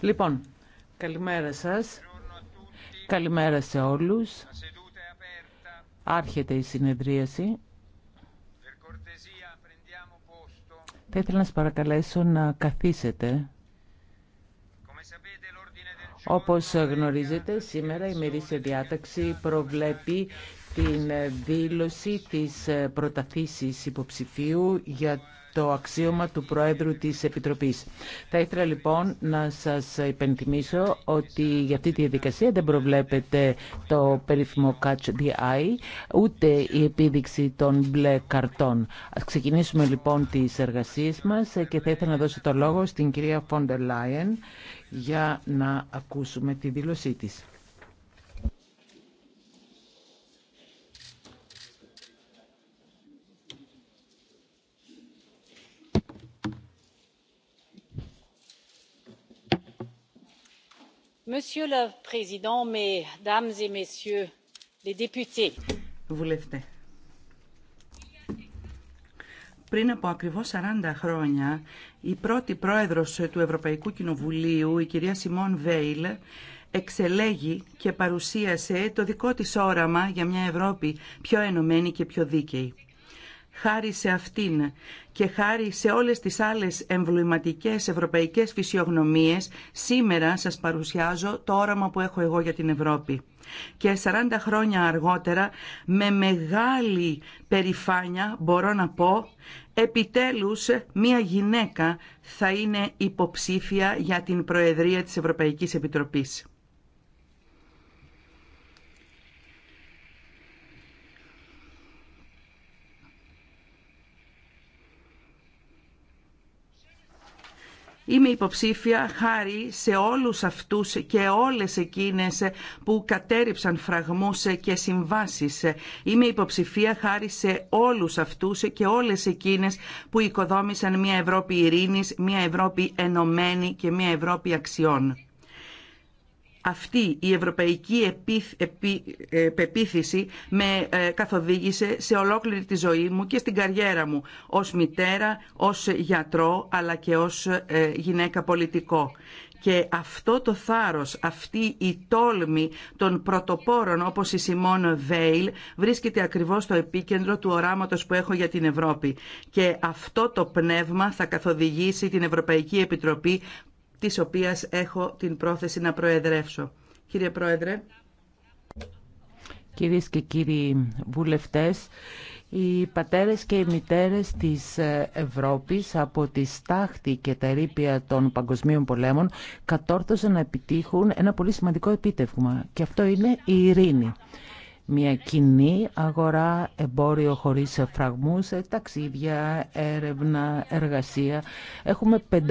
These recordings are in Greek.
Λοιπόν, καλημέρα σας. Καλημέρα σε όλους. Άρχεται η συνεδρίαση. Θα ήθελα να σας παρακαλέσω να καθίσετε. Όπως γνωρίζετε, σήμερα η μερίσια διάταξη προβλέπει την δήλωση της προταθήσης υποψηφίου για το αξίωμα του Προέδρου της Επιτροπής. Θα ήθελα λοιπόν να σας υπενθυμίσω ότι για αυτή τη διαδικασία δεν προβλέπεται το περίφημο Catch the Eye, ούτε η επίδειξη των μπλε καρτών. Ας ξεκινήσουμε λοιπόν τις εργασίες μας και θα ήθελα να δώσω το λόγο στην κυρία Φόντερ Λάιεν για να ακούσουμε τη δήλωσή της. Πριν από ακριβώς 40 χρόνια, η πρώτη πρόεδρος του Ευρωπαϊκού Κοινοβουλίου, η κυρία Σιμών Βέιλ, εξελέγει και παρουσίασε το δικό της όραμα για μια Ευρώπη πιο ενωμένη και πιο δίκαιη. Χάρη σε αυτήν και χάρη σε όλες τις άλλες εμβληματικές ευρωπαϊκές φυσιογνωμίες, σήμερα σας παρουσιάζω το όραμα που έχω εγώ για την Ευρώπη. Και 40 χρόνια αργότερα, με μεγάλη περηφάνεια μπορώ να πω, επιτέλους μία γυναίκα θα είναι υποψήφια για την Προεδρία της Ευρωπαϊκής Επιτροπής. Είμαι υποψήφια χάρη σε όλους αυτούς και όλες εκείνες που κατέριψαν φραγμούς και συμβάσεις. Είμαι υποψηφία χάρη σε όλους αυτούς και όλες εκείνες που οικοδόμησαν μια Ευρώπη ειρήνης, μια Ευρώπη ενωμένη και μια Ευρώπη αξιών αυτή η ευρωπαϊκή ε, πεποίθηση με ε, καθοδήγησε σε ολόκληρη τη ζωή μου και στην καριέρα μου ως μητέρα, ως γιατρό αλλά και ως ε, γυναίκα πολιτικό. Και αυτό το θάρρος, αυτή η τόλμη των πρωτοπόρων όπως η Σιμών Βέιλ βρίσκεται ακριβώς στο επίκεντρο του οράματος που έχω για την Ευρώπη. Και αυτό το πνεύμα θα καθοδηγήσει την Ευρωπαϊκή Επιτροπή της οποίας έχω την πρόθεση να προεδρεύσω. Κύριε Πρόεδρε. Κυρίες και κύριοι βουλευτές, οι πατέρες και οι μητέρες της Ευρώπης από τη στάχτη και τα ερήπια των παγκοσμίων πολέμων κατόρθωσαν να επιτύχουν ένα πολύ σημαντικό επίτευγμα και αυτό είναι η ειρήνη μια κοινή αγορά, εμπόριο χωρίς φραγμούς, ταξίδια, έρευνα, εργασία. Έχουμε 500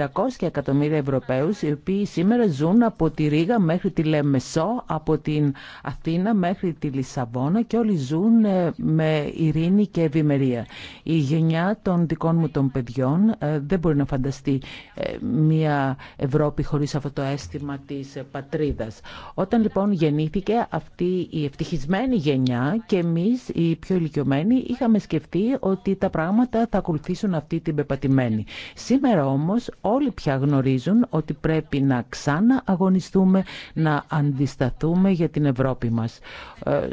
εκατομμύρια Ευρωπαίους οι οποίοι σήμερα ζουν από τη Ρήγα μέχρι τη Λεμεσό, από την Αθήνα μέχρι τη Λισαβόνα και όλοι ζουν ε, με ειρήνη και ευημερία. Η γενιά των δικών μου των παιδιών ε, δεν μπορεί να φανταστεί ε, μια Ευρώπη χωρίς αυτό το αίσθημα της πατρίδας. Όταν λοιπόν γεννήθηκε αυτή η ευτυχισμένη γενιά και εμείς οι πιο ηλικιωμένοι είχαμε σκεφτεί ότι τα πράγματα θα ακολουθήσουν αυτή την πεπατημένη. Σήμερα όμως όλοι πια γνωρίζουν ότι πρέπει να ξανά αγωνιστούμε, να αντισταθούμε για την Ευρώπη μας ε,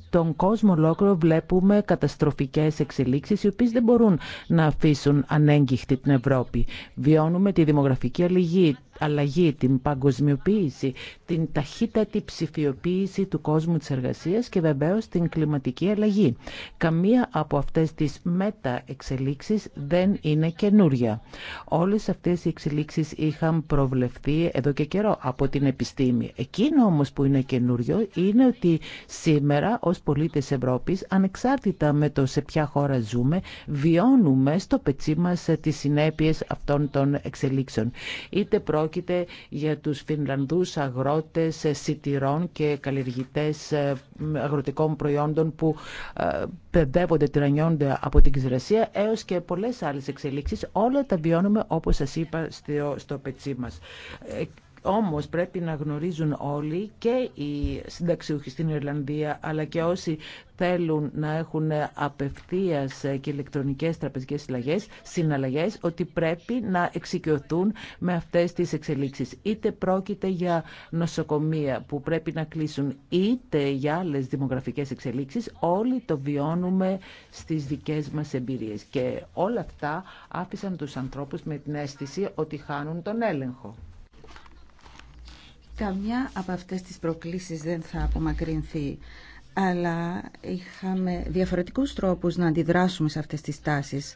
Στον κόσμο ολόκληρο βλέπουμε καταστροφικές εξελίξεις οι οποίες δεν μπορούν να αφήσουν ανέγκυχτη την Ευρώπη. Βιώνουμε τη δημογραφική αλληλήγη αλλαγή, την παγκοσμιοποίηση, την ταχύτατη ψηφιοποίηση του κόσμου της εργασίας και βεβαίως την κλιματική αλλαγή. Καμία από αυτές τις μεταεξελίξεις δεν είναι καινούρια. Όλες αυτές οι εξελίξεις είχαν προβλεφθεί εδώ και καιρό από την επιστήμη. Εκείνο όμως που είναι καινούριο είναι ότι σήμερα ως πολίτες Ευρώπης, ανεξάρτητα με το σε ποια χώρα ζούμε, βιώνουμε στο πετσί μας τις συνέπειες αυτών των εξελίξεων. Είτε πρόκειται Πρόκειται για τους Φινλανδούς αγρότες ε, σιτηρών και καλλιεργητές ε, αγροτικών προϊόντων που ε, παιδεύονται, τυρανιώνται από την ξηρασία έως και πολλές άλλες εξελίξεις. Όλα τα βιώνουμε όπως σας είπα στο πετσί μας. Όμως πρέπει να γνωρίζουν όλοι και οι συνταξιούχοι στην Ιρλανδία αλλά και όσοι θέλουν να έχουν απευθείας και ηλεκτρονικές τραπεζικές συλλαγές, συναλλαγές ότι πρέπει να εξοικειωθούν με αυτές τις εξελίξεις. Είτε πρόκειται για νοσοκομεία που πρέπει να κλείσουν είτε για άλλες δημογραφικές εξελίξεις όλοι το βιώνουμε στις δικές μας εμπειρίες και όλα αυτά άφησαν τους ανθρώπους με την αίσθηση ότι χάνουν τον έλεγχο. Καμιά από αυτές τις προκλήσεις δεν θα απομακρυνθεί αλλά είχαμε διαφορετικούς τρόπους να αντιδράσουμε σε αυτές τις τάσεις.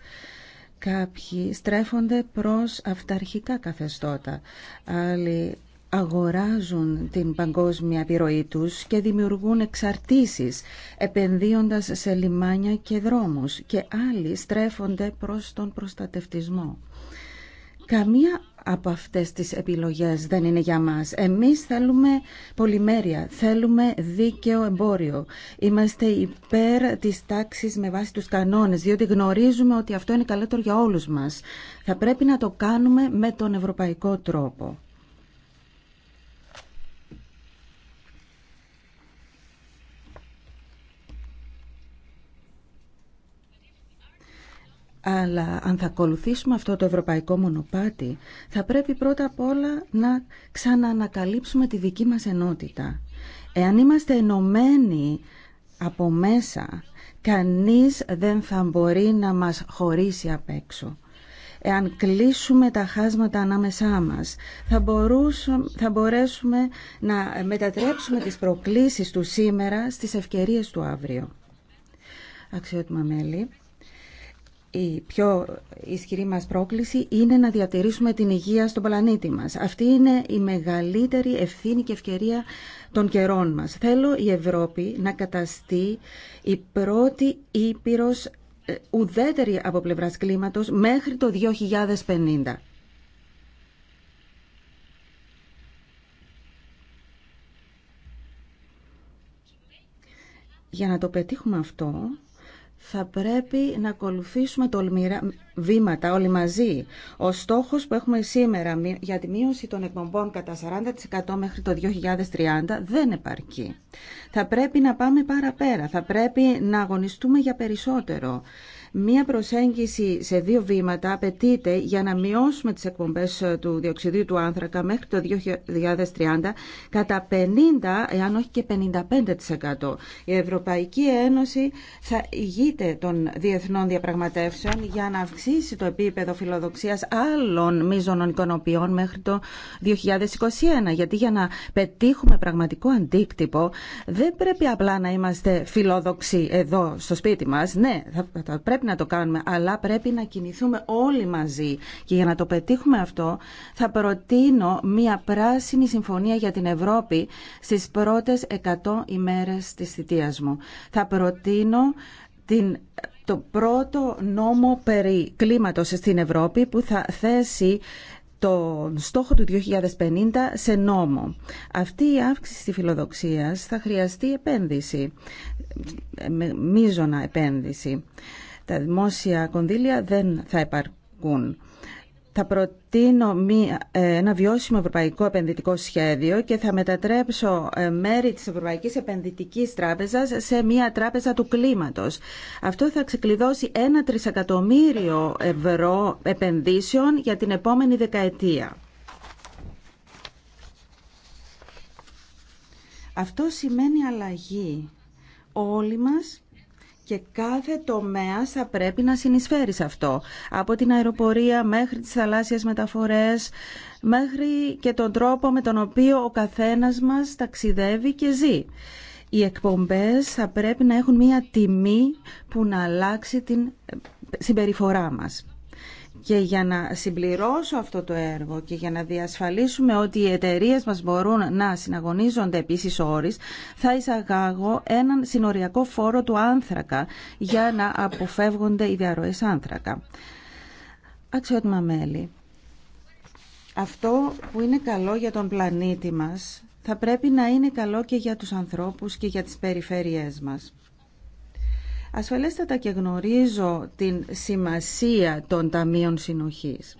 Κάποιοι στρέφονται προς αυταρχικά καθεστώτα, άλλοι αγοράζουν την παγκόσμια επιρροή τους και δημιουργούν εξαρτήσεις, επενδύοντας σε λιμάνια και δρόμους και άλλοι στρέφονται προς τον προστατευτισμό. Καμία από αυτές τις επιλογές δεν είναι για μας. Εμείς θέλουμε πολυμέρεια, θέλουμε δίκαιο εμπόριο. Είμαστε υπέρ της τάξης με βάση τους κανόνες, διότι γνωρίζουμε ότι αυτό είναι καλύτερο για όλους μας. Θα πρέπει να το κάνουμε με τον ευρωπαϊκό τρόπο. Αλλά αν θα ακολουθήσουμε αυτό το ευρωπαϊκό μονοπάτι, θα πρέπει πρώτα απ' όλα να ξαναανακαλύψουμε τη δική μας ενότητα. Εάν είμαστε ενωμένοι από μέσα, κανείς δεν θα μπορεί να μας χωρίσει απ' έξω. Εάν κλείσουμε τα χάσματα ανάμεσά μας, θα, θα μπορέσουμε να μετατρέψουμε τις προκλήσεις του σήμερα στις ευκαιρίες του αύριο. Αξιότιμα μέλη η πιο ισχυρή μας πρόκληση είναι να διατηρήσουμε την υγεία στον πλανήτη μας. Αυτή είναι η μεγαλύτερη ευθύνη και ευκαιρία των καιρών μας. Θέλω η Ευρώπη να καταστεί η πρώτη ήπειρος ε, ουδέτερη από πλευράς κλίματος μέχρι το 2050. Για να το πετύχουμε αυτό, θα πρέπει να ακολουθήσουμε τολμηρά βήματα όλοι μαζί. Ο στόχος που έχουμε σήμερα για τη μείωση των εκπομπών κατά 40% μέχρι το 2030 δεν επαρκεί. Θα πρέπει να πάμε παραπέρα, θα πρέπει να αγωνιστούμε για περισσότερο. Μία προσέγγιση σε δύο βήματα απαιτείται για να μειώσουμε τις εκπομπές ε, του διοξιδίου του άνθρακα μέχρι το 2030 κατά 50, εάν όχι και 55%. Η Ευρωπαϊκή Ένωση θα ηγείται των διεθνών διαπραγματεύσεων για να αυξήσει το επίπεδο φιλοδοξίας άλλων μείζων οικονοποιών μέχρι το 2021. Γιατί για να πετύχουμε πραγματικό αντίκτυπο δεν πρέπει απλά να είμαστε φιλόδοξοι εδώ στο σπίτι μας. Ναι, θα πρέπει να το κάνουμε, αλλά πρέπει να κινηθούμε όλοι μαζί. Και για να το πετύχουμε αυτό, θα προτείνω μία πράσινη συμφωνία για την Ευρώπη στις πρώτες 100 ημέρες της θητείας μου. Θα προτείνω την το πρώτο νόμο περί κλίματος στην Ευρώπη που θα θέσει τον στόχο του 2050 σε νόμο. Αυτή η αύξηση της φιλοδοξίας θα χρειαστεί επένδυση, ε, μίζωνα επένδυση. Τα δημόσια κονδύλια δεν θα επαρκούν. Θα προτείνω ε, ένα βιώσιμο ευρωπαϊκό επενδυτικό σχέδιο και θα μετατρέψω ε, μέρη της Ευρωπαϊκής Επενδυτικής Τράπεζας σε μια τράπεζα του κλίματος. Αυτό θα ξεκλειδώσει ένα τρισεκατομμύριο ευρώ επενδύσεων για την επόμενη δεκαετία. Αυτό σημαίνει αλλαγή. Όλοι μας και κάθε τομέα θα πρέπει να συνεισφέρει σε αυτό. Από την αεροπορία μέχρι τις θαλάσσιες μεταφορές, μέχρι και τον τρόπο με τον οποίο ο καθένας μας ταξιδεύει και ζει. Οι εκπομπές θα πρέπει να έχουν μια τιμή που να αλλάξει την ε, συμπεριφορά μας. Και για να συμπληρώσω αυτό το έργο και για να διασφαλίσουμε ότι οι εταιρείε μας μπορούν να συναγωνίζονται επίσης όρις, θα εισαγάγω έναν συνοριακό φόρο του άνθρακα για να αποφεύγονται οι διαρροές άνθρακα. Αξιότιμα μέλη, αυτό που είναι καλό για τον πλανήτη μας θα πρέπει να είναι καλό και για τους ανθρώπους και για τις περιφέρειές μας. Ασφαλέστατα και γνωρίζω την σημασία των ταμείων συνοχής.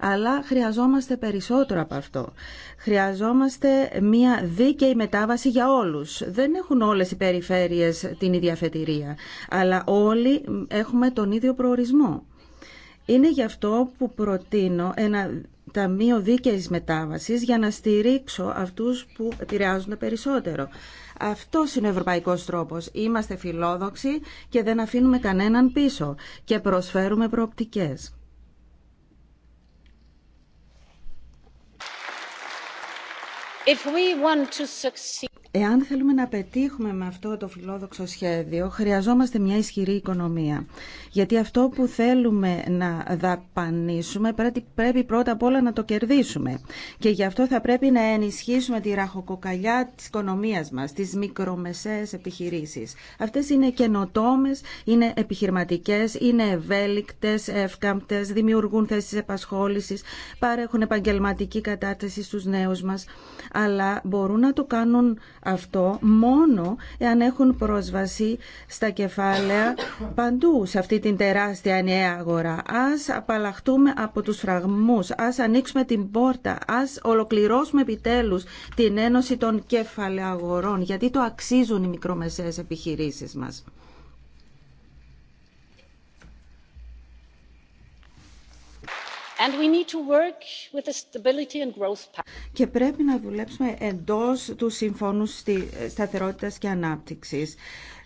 Αλλά χρειαζόμαστε περισσότερο από αυτό. Χρειαζόμαστε μια δίκαιη μετάβαση για όλους. Δεν έχουν όλες οι περιφέρειες την ίδια αφετηρία. αλλά όλοι έχουμε τον ίδιο προορισμό. Είναι γι' αυτό που προτείνω ένα ταμείο δίκαιης μετάβασης για να στηρίξω αυτούς που επηρεάζουν περισσότερο. Αυτό είναι ο ευρωπαϊκό τρόπο. Είμαστε φιλόδοξοι και δεν αφήνουμε κανέναν πίσω και προσφέρουμε προοπτικές. Εάν θέλουμε να πετύχουμε με αυτό το φιλόδοξο σχέδιο, χρειαζόμαστε μια ισχυρή οικονομία. Γιατί αυτό που θέλουμε να δαπανίσουμε πρέπει πρώτα απ' όλα να το κερδίσουμε. Και γι' αυτό θα πρέπει να ενισχύσουμε τη ραχοκοκαλιά της οικονομίας μας, τις μικρομεσαίες επιχειρήσεις. Αυτές είναι καινοτόμε, είναι επιχειρηματικές, είναι ευέλικτες, ευκάμπτες, δημιουργούν θέσεις επασχόλησης, παρέχουν επαγγελματική κατάρτιση στους νέους μας αλλά μπορούν να το κάνουν αυτό μόνο εάν έχουν πρόσβαση στα κεφάλαια παντού σε αυτή την τεράστια νέα αγορά. Ας απαλλαχτούμε από τους φραγμούς, ας ανοίξουμε την πόρτα, ας ολοκληρώσουμε επιτέλους την ένωση των κεφαλαίων αγορών, γιατί το αξίζουν οι μικρομεσαίες επιχειρήσεις μας. Και πρέπει να δουλέψουμε εντός του Συμφώνου Σταθερότητας και Ανάπτυξης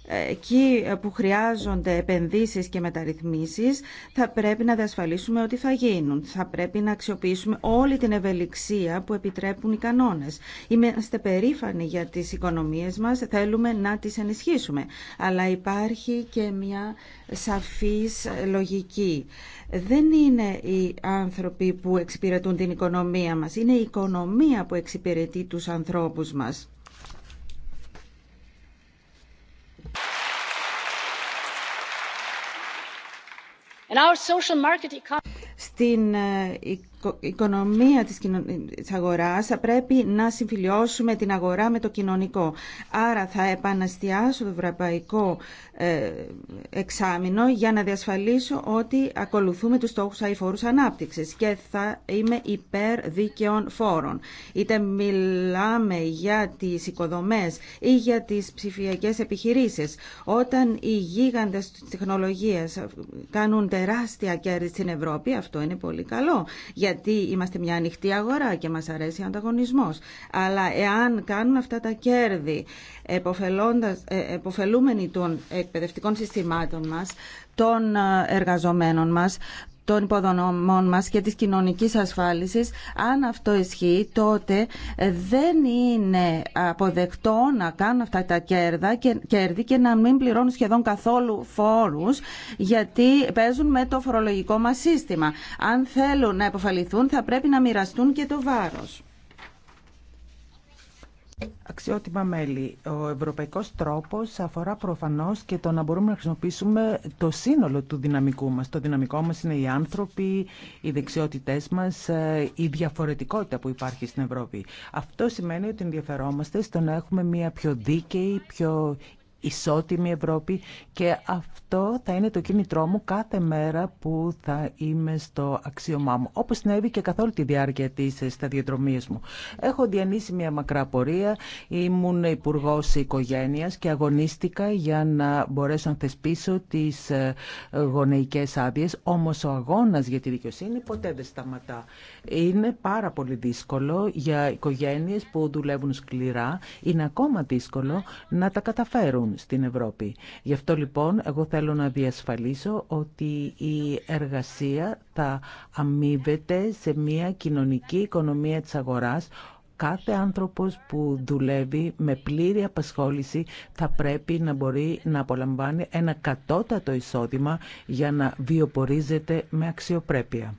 εκεί που χρειάζονται επενδύσεις και μεταρρυθμίσεις θα πρέπει να διασφαλίσουμε ότι θα γίνουν. Θα πρέπει να αξιοποιήσουμε όλη την ευελιξία που επιτρέπουν οι κανόνες. Είμαστε περήφανοι για τις οικονομίες μας, θέλουμε να τις ενισχύσουμε. Αλλά υπάρχει και μια σαφής λογική. Δεν είναι οι άνθρωποι που εξυπηρετούν την οικονομία μας, είναι η οικονομία που εξυπηρετεί τους ανθρώπους μας. Στην ε, η οικονομία της, κοινων... αγοράς θα πρέπει να συμφιλιώσουμε την αγορά με το κοινωνικό. Άρα θα επαναστιάσω το ευρωπαϊκό ε, εξάμεινο για να διασφαλίσω ότι ακολουθούμε τους στόχους αηφόρους ανάπτυξης και θα είμαι υπέρ δίκαιων φόρων. Είτε μιλάμε για τις οικοδομές ή για τις ψηφιακές επιχειρήσεις. Όταν οι γίγαντες της τεχνολογίας κάνουν τεράστια κέρδη στην Ευρώπη, αυτό είναι πολύ καλό γιατί είμαστε μια ανοιχτή αγορά και μας αρέσει ο ανταγωνισμός. Αλλά εάν κάνουν αυτά τα κέρδη ε, εποφελούμενοι των εκπαιδευτικών συστημάτων μας, των ε, εργαζομένων μας, των υποδομών μας και της κοινωνικής ασφάλισης, αν αυτό ισχύει, τότε δεν είναι αποδεκτό να κάνουν αυτά τα κέρδα και, κέρδη και να μην πληρώνουν σχεδόν καθόλου φόρους, γιατί παίζουν με το φορολογικό μας σύστημα. Αν θέλουν να υποφαληθούν, θα πρέπει να μοιραστούν και το βάρος. Αξιότιμα μέλη, ο ευρωπαϊκός τρόπος αφορά προφανώς και το να μπορούμε να χρησιμοποιήσουμε το σύνολο του δυναμικού μας. Το δυναμικό μας είναι οι άνθρωποι, οι δεξιότητές μας, ε, η διαφορετικότητα που υπάρχει στην Ευρώπη. Αυτό σημαίνει ότι ενδιαφερόμαστε στο να έχουμε μια πιο δίκαιη, πιο ισότιμη Ευρώπη και αυτό θα είναι το κίνητρό μου κάθε μέρα που θα είμαι στο αξίωμά μου. Όπω συνέβη και καθ' όλη τη διάρκεια τη σταδιοδρομία μου. Έχω διανύσει μια μακρά πορεία. Ήμουν υπουργό οικογένεια και αγωνίστηκα για να μπορέσω να θεσπίσω τι ε, γονεϊκέ άδειε. Όμω ο αγώνα για τη δικαιοσύνη ποτέ δεν σταματά. Είναι πάρα πολύ δύσκολο για οικογένειε που δουλεύουν σκληρά. Είναι ακόμα δύσκολο να τα καταφέρουν στην Ευρώπη. Γι' αυτό λοιπόν εγώ θέλω να διασφαλίσω ότι η εργασία θα αμείβεται σε μια κοινωνική οικονομία της αγοράς κάθε άνθρωπος που δουλεύει με πλήρη απασχόληση θα πρέπει να μπορεί να απολαμβάνει ένα κατώτατο εισόδημα για να βιοπορίζεται με αξιοπρέπεια.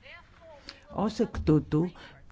Ως εκ τούτου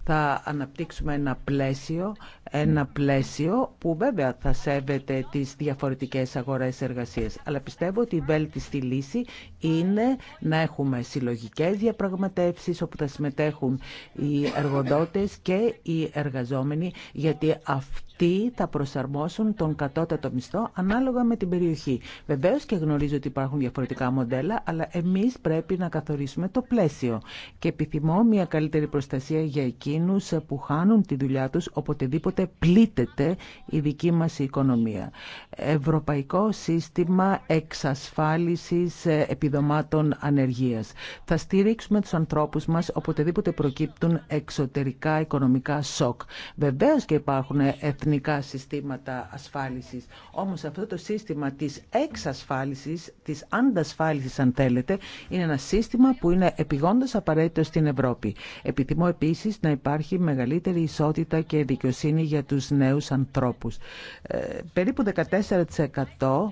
θα αναπτύξουμε ένα πλαίσιο, ένα πλαίσιο που βέβαια θα σέβεται τις διαφορετικές αγορές εργασίας. Αλλά πιστεύω ότι η βέλτιστη λύση είναι να έχουμε συλλογικές διαπραγματεύσεις όπου θα συμμετέχουν οι εργοδότες και οι εργαζόμενοι γιατί αυτό ...τι θα προσαρμόσουν τον κατώτατο μισθό ανάλογα με την περιοχή. Βεβαίω και γνωρίζω ότι υπάρχουν διαφορετικά μοντέλα, αλλά εμεί πρέπει να καθορίσουμε το πλαίσιο. Και επιθυμώ μια καλύτερη προστασία για εκείνου που χάνουν τη δουλειά του οποτεδήποτε πλήτεται η δική μα οικονομία. Ευρωπαϊκό σύστημα εξασφάλιση επιδομάτων ανεργία. Θα στηρίξουμε του ανθρώπου μα οποτεδήποτε προκύπτουν εξωτερικά οικονομικά σοκ. Βεβαίω και υπάρχουν εθνικά εθνικά συστήματα ασφάλισης. Όμως αυτό το σύστημα της εξασφάλισης, της αντασφάλισης αν θέλετε, είναι ένα σύστημα που είναι επιγόντως απαραίτητο στην Ευρώπη. Επιθυμώ επίσης να υπάρχει μεγαλύτερη ισότητα και δικαιοσύνη για τους νέους ανθρώπους. Ε, περίπου 14%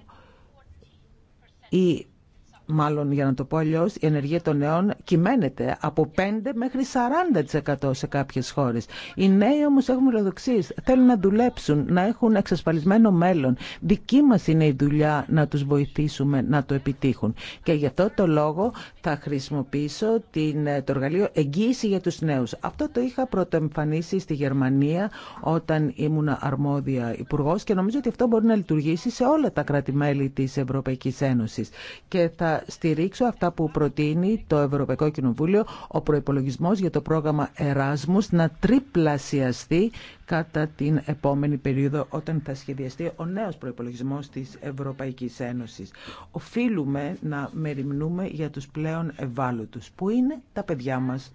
οι μάλλον για να το πω αλλιώ, η ενεργία των νέων κυμαίνεται από 5 μέχρι 40% σε κάποιε χώρε. Οι νέοι όμω έχουν φιλοδοξίε. Θέλουν να δουλέψουν, να έχουν εξασφαλισμένο μέλλον. Δική μα είναι η δουλειά να του βοηθήσουμε να το επιτύχουν. Και γι' αυτό το λόγο θα χρησιμοποιήσω την, ε, το εργαλείο εγγύηση για του νέου. Αυτό το είχα πρωτοεμφανίσει στη Γερμανία όταν ήμουν αρμόδια υπουργό και νομίζω ότι αυτό μπορεί να λειτουργήσει σε όλα τα κράτη-μέλη τη Ευρωπαϊκή Ένωση. Και θα στηρίξω αυτά που προτείνει το Ευρωπαϊκό Κοινοβούλιο, ο προπολογισμό για το πρόγραμμα Εράσμους να τριπλασιαστεί κατά την επόμενη περίοδο όταν θα σχεδιαστεί ο νέος προϋπολογισμός της Ευρωπαϊκής Ένωσης. Οφείλουμε να μεριμνούμε για τους πλέον ευάλωτους, που είναι τα παιδιά μας.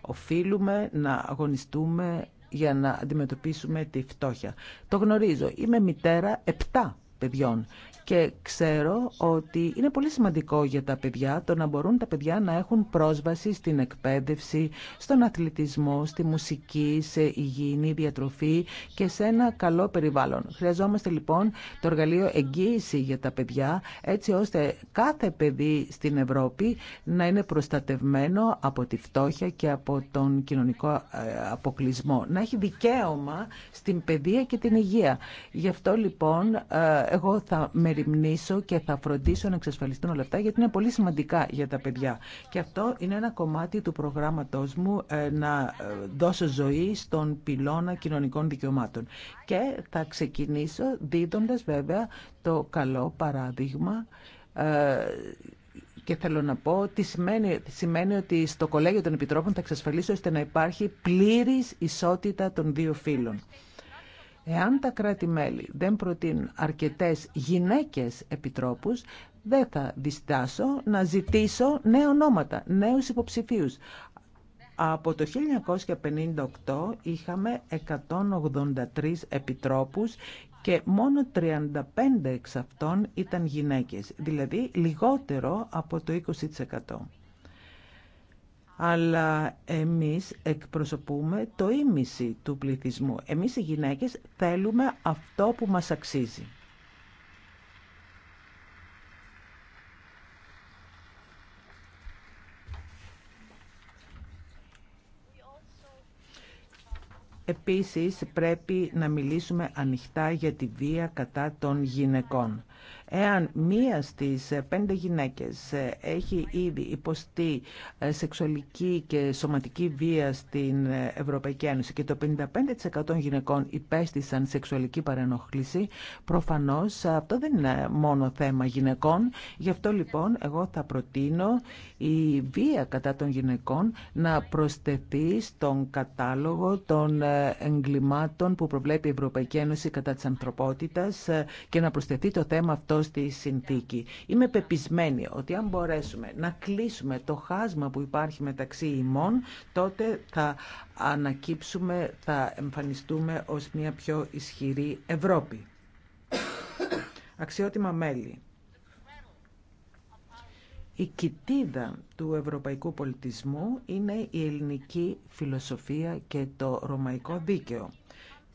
Οφείλουμε να αγωνιστούμε για να αντιμετωπίσουμε τη φτώχεια. Το γνωρίζω. Είμαι μητέρα 7 παιδιών και ξέρω ότι είναι πολύ σημαντικό για τα παιδιά το να μπορούν τα παιδιά να έχουν πρόσβαση στην εκπαίδευση, στον αθλητισμό, στη μουσική, σε υγιεινή διατροφή και σε ένα καλό περιβάλλον. Χρειαζόμαστε λοιπόν το εργαλείο εγγύηση για τα παιδιά έτσι ώστε κάθε παιδί στην Ευρώπη να είναι προστατευμένο από τη φτώχεια και από τον κοινωνικό ε, αποκλεισμό. Να έχει δικαίωμα στην παιδεία και την υγεία. Γι' αυτό λοιπόν ε, εγώ θα και θα φροντίσω να εξασφαλιστούν όλα αυτά γιατί είναι πολύ σημαντικά για τα παιδιά. Και αυτό είναι ένα κομμάτι του προγράμματός μου ε, να ε, δώσω ζωή στον πυλώνα κοινωνικών δικαιωμάτων. Και θα ξεκινήσω δίδοντας βέβαια το καλό παράδειγμα ε, και θέλω να πω τι σημαίνει, σημαίνει ότι στο Κολέγιο των Επιτρόπων θα εξασφαλίσω ώστε να υπάρχει πλήρης ισότητα των δύο φύλων. Εάν τα κράτη-μέλη δεν προτείνουν αρκετές γυναίκες επιτρόπους, δεν θα διστάσω να ζητήσω νέα ονόματα, νέους υποψηφίους. Από το 1958 είχαμε 183 επιτρόπους και μόνο 35 εξ αυτών ήταν γυναίκες, δηλαδή λιγότερο από το 20% αλλά εμείς εκπροσωπούμε το ίμιση του πληθυσμού. Εμείς οι γυναίκες θέλουμε αυτό που μας αξίζει. Επίσης πρέπει να μιλήσουμε ανοιχτά για τη βία κατά των γυναικών. Εάν μία στις πέντε γυναίκες έχει ήδη υποστεί ε, σεξουαλική και σωματική βία στην ε, Ευρωπαϊκή Ένωση και το 55% των γυναικών υπέστησαν σεξουαλική παρενόχληση, προφανώς αυτό δεν είναι μόνο θέμα γυναικών. Γι' αυτό λοιπόν εγώ θα προτείνω η βία κατά των γυναικών να προσθεθεί στον κατάλογο των ε, εγκλημάτων που προβλέπει η Ευρωπαϊκή Ένωση κατά της ανθρωπότητας και να προσθεθεί το θέμα αυτό στη συνθήκη. Είμαι πεπισμένη ότι αν μπορέσουμε να κλείσουμε το χάσμα που υπάρχει μεταξύ ημών, τότε θα ανακύψουμε, θα εμφανιστούμε ως μια πιο ισχυρή Ευρώπη. Αξιότιμα μέλη. Η κοιτίδα του ευρωπαϊκού πολιτισμού είναι η ελληνική φιλοσοφία και το ρωμαϊκό δίκαιο.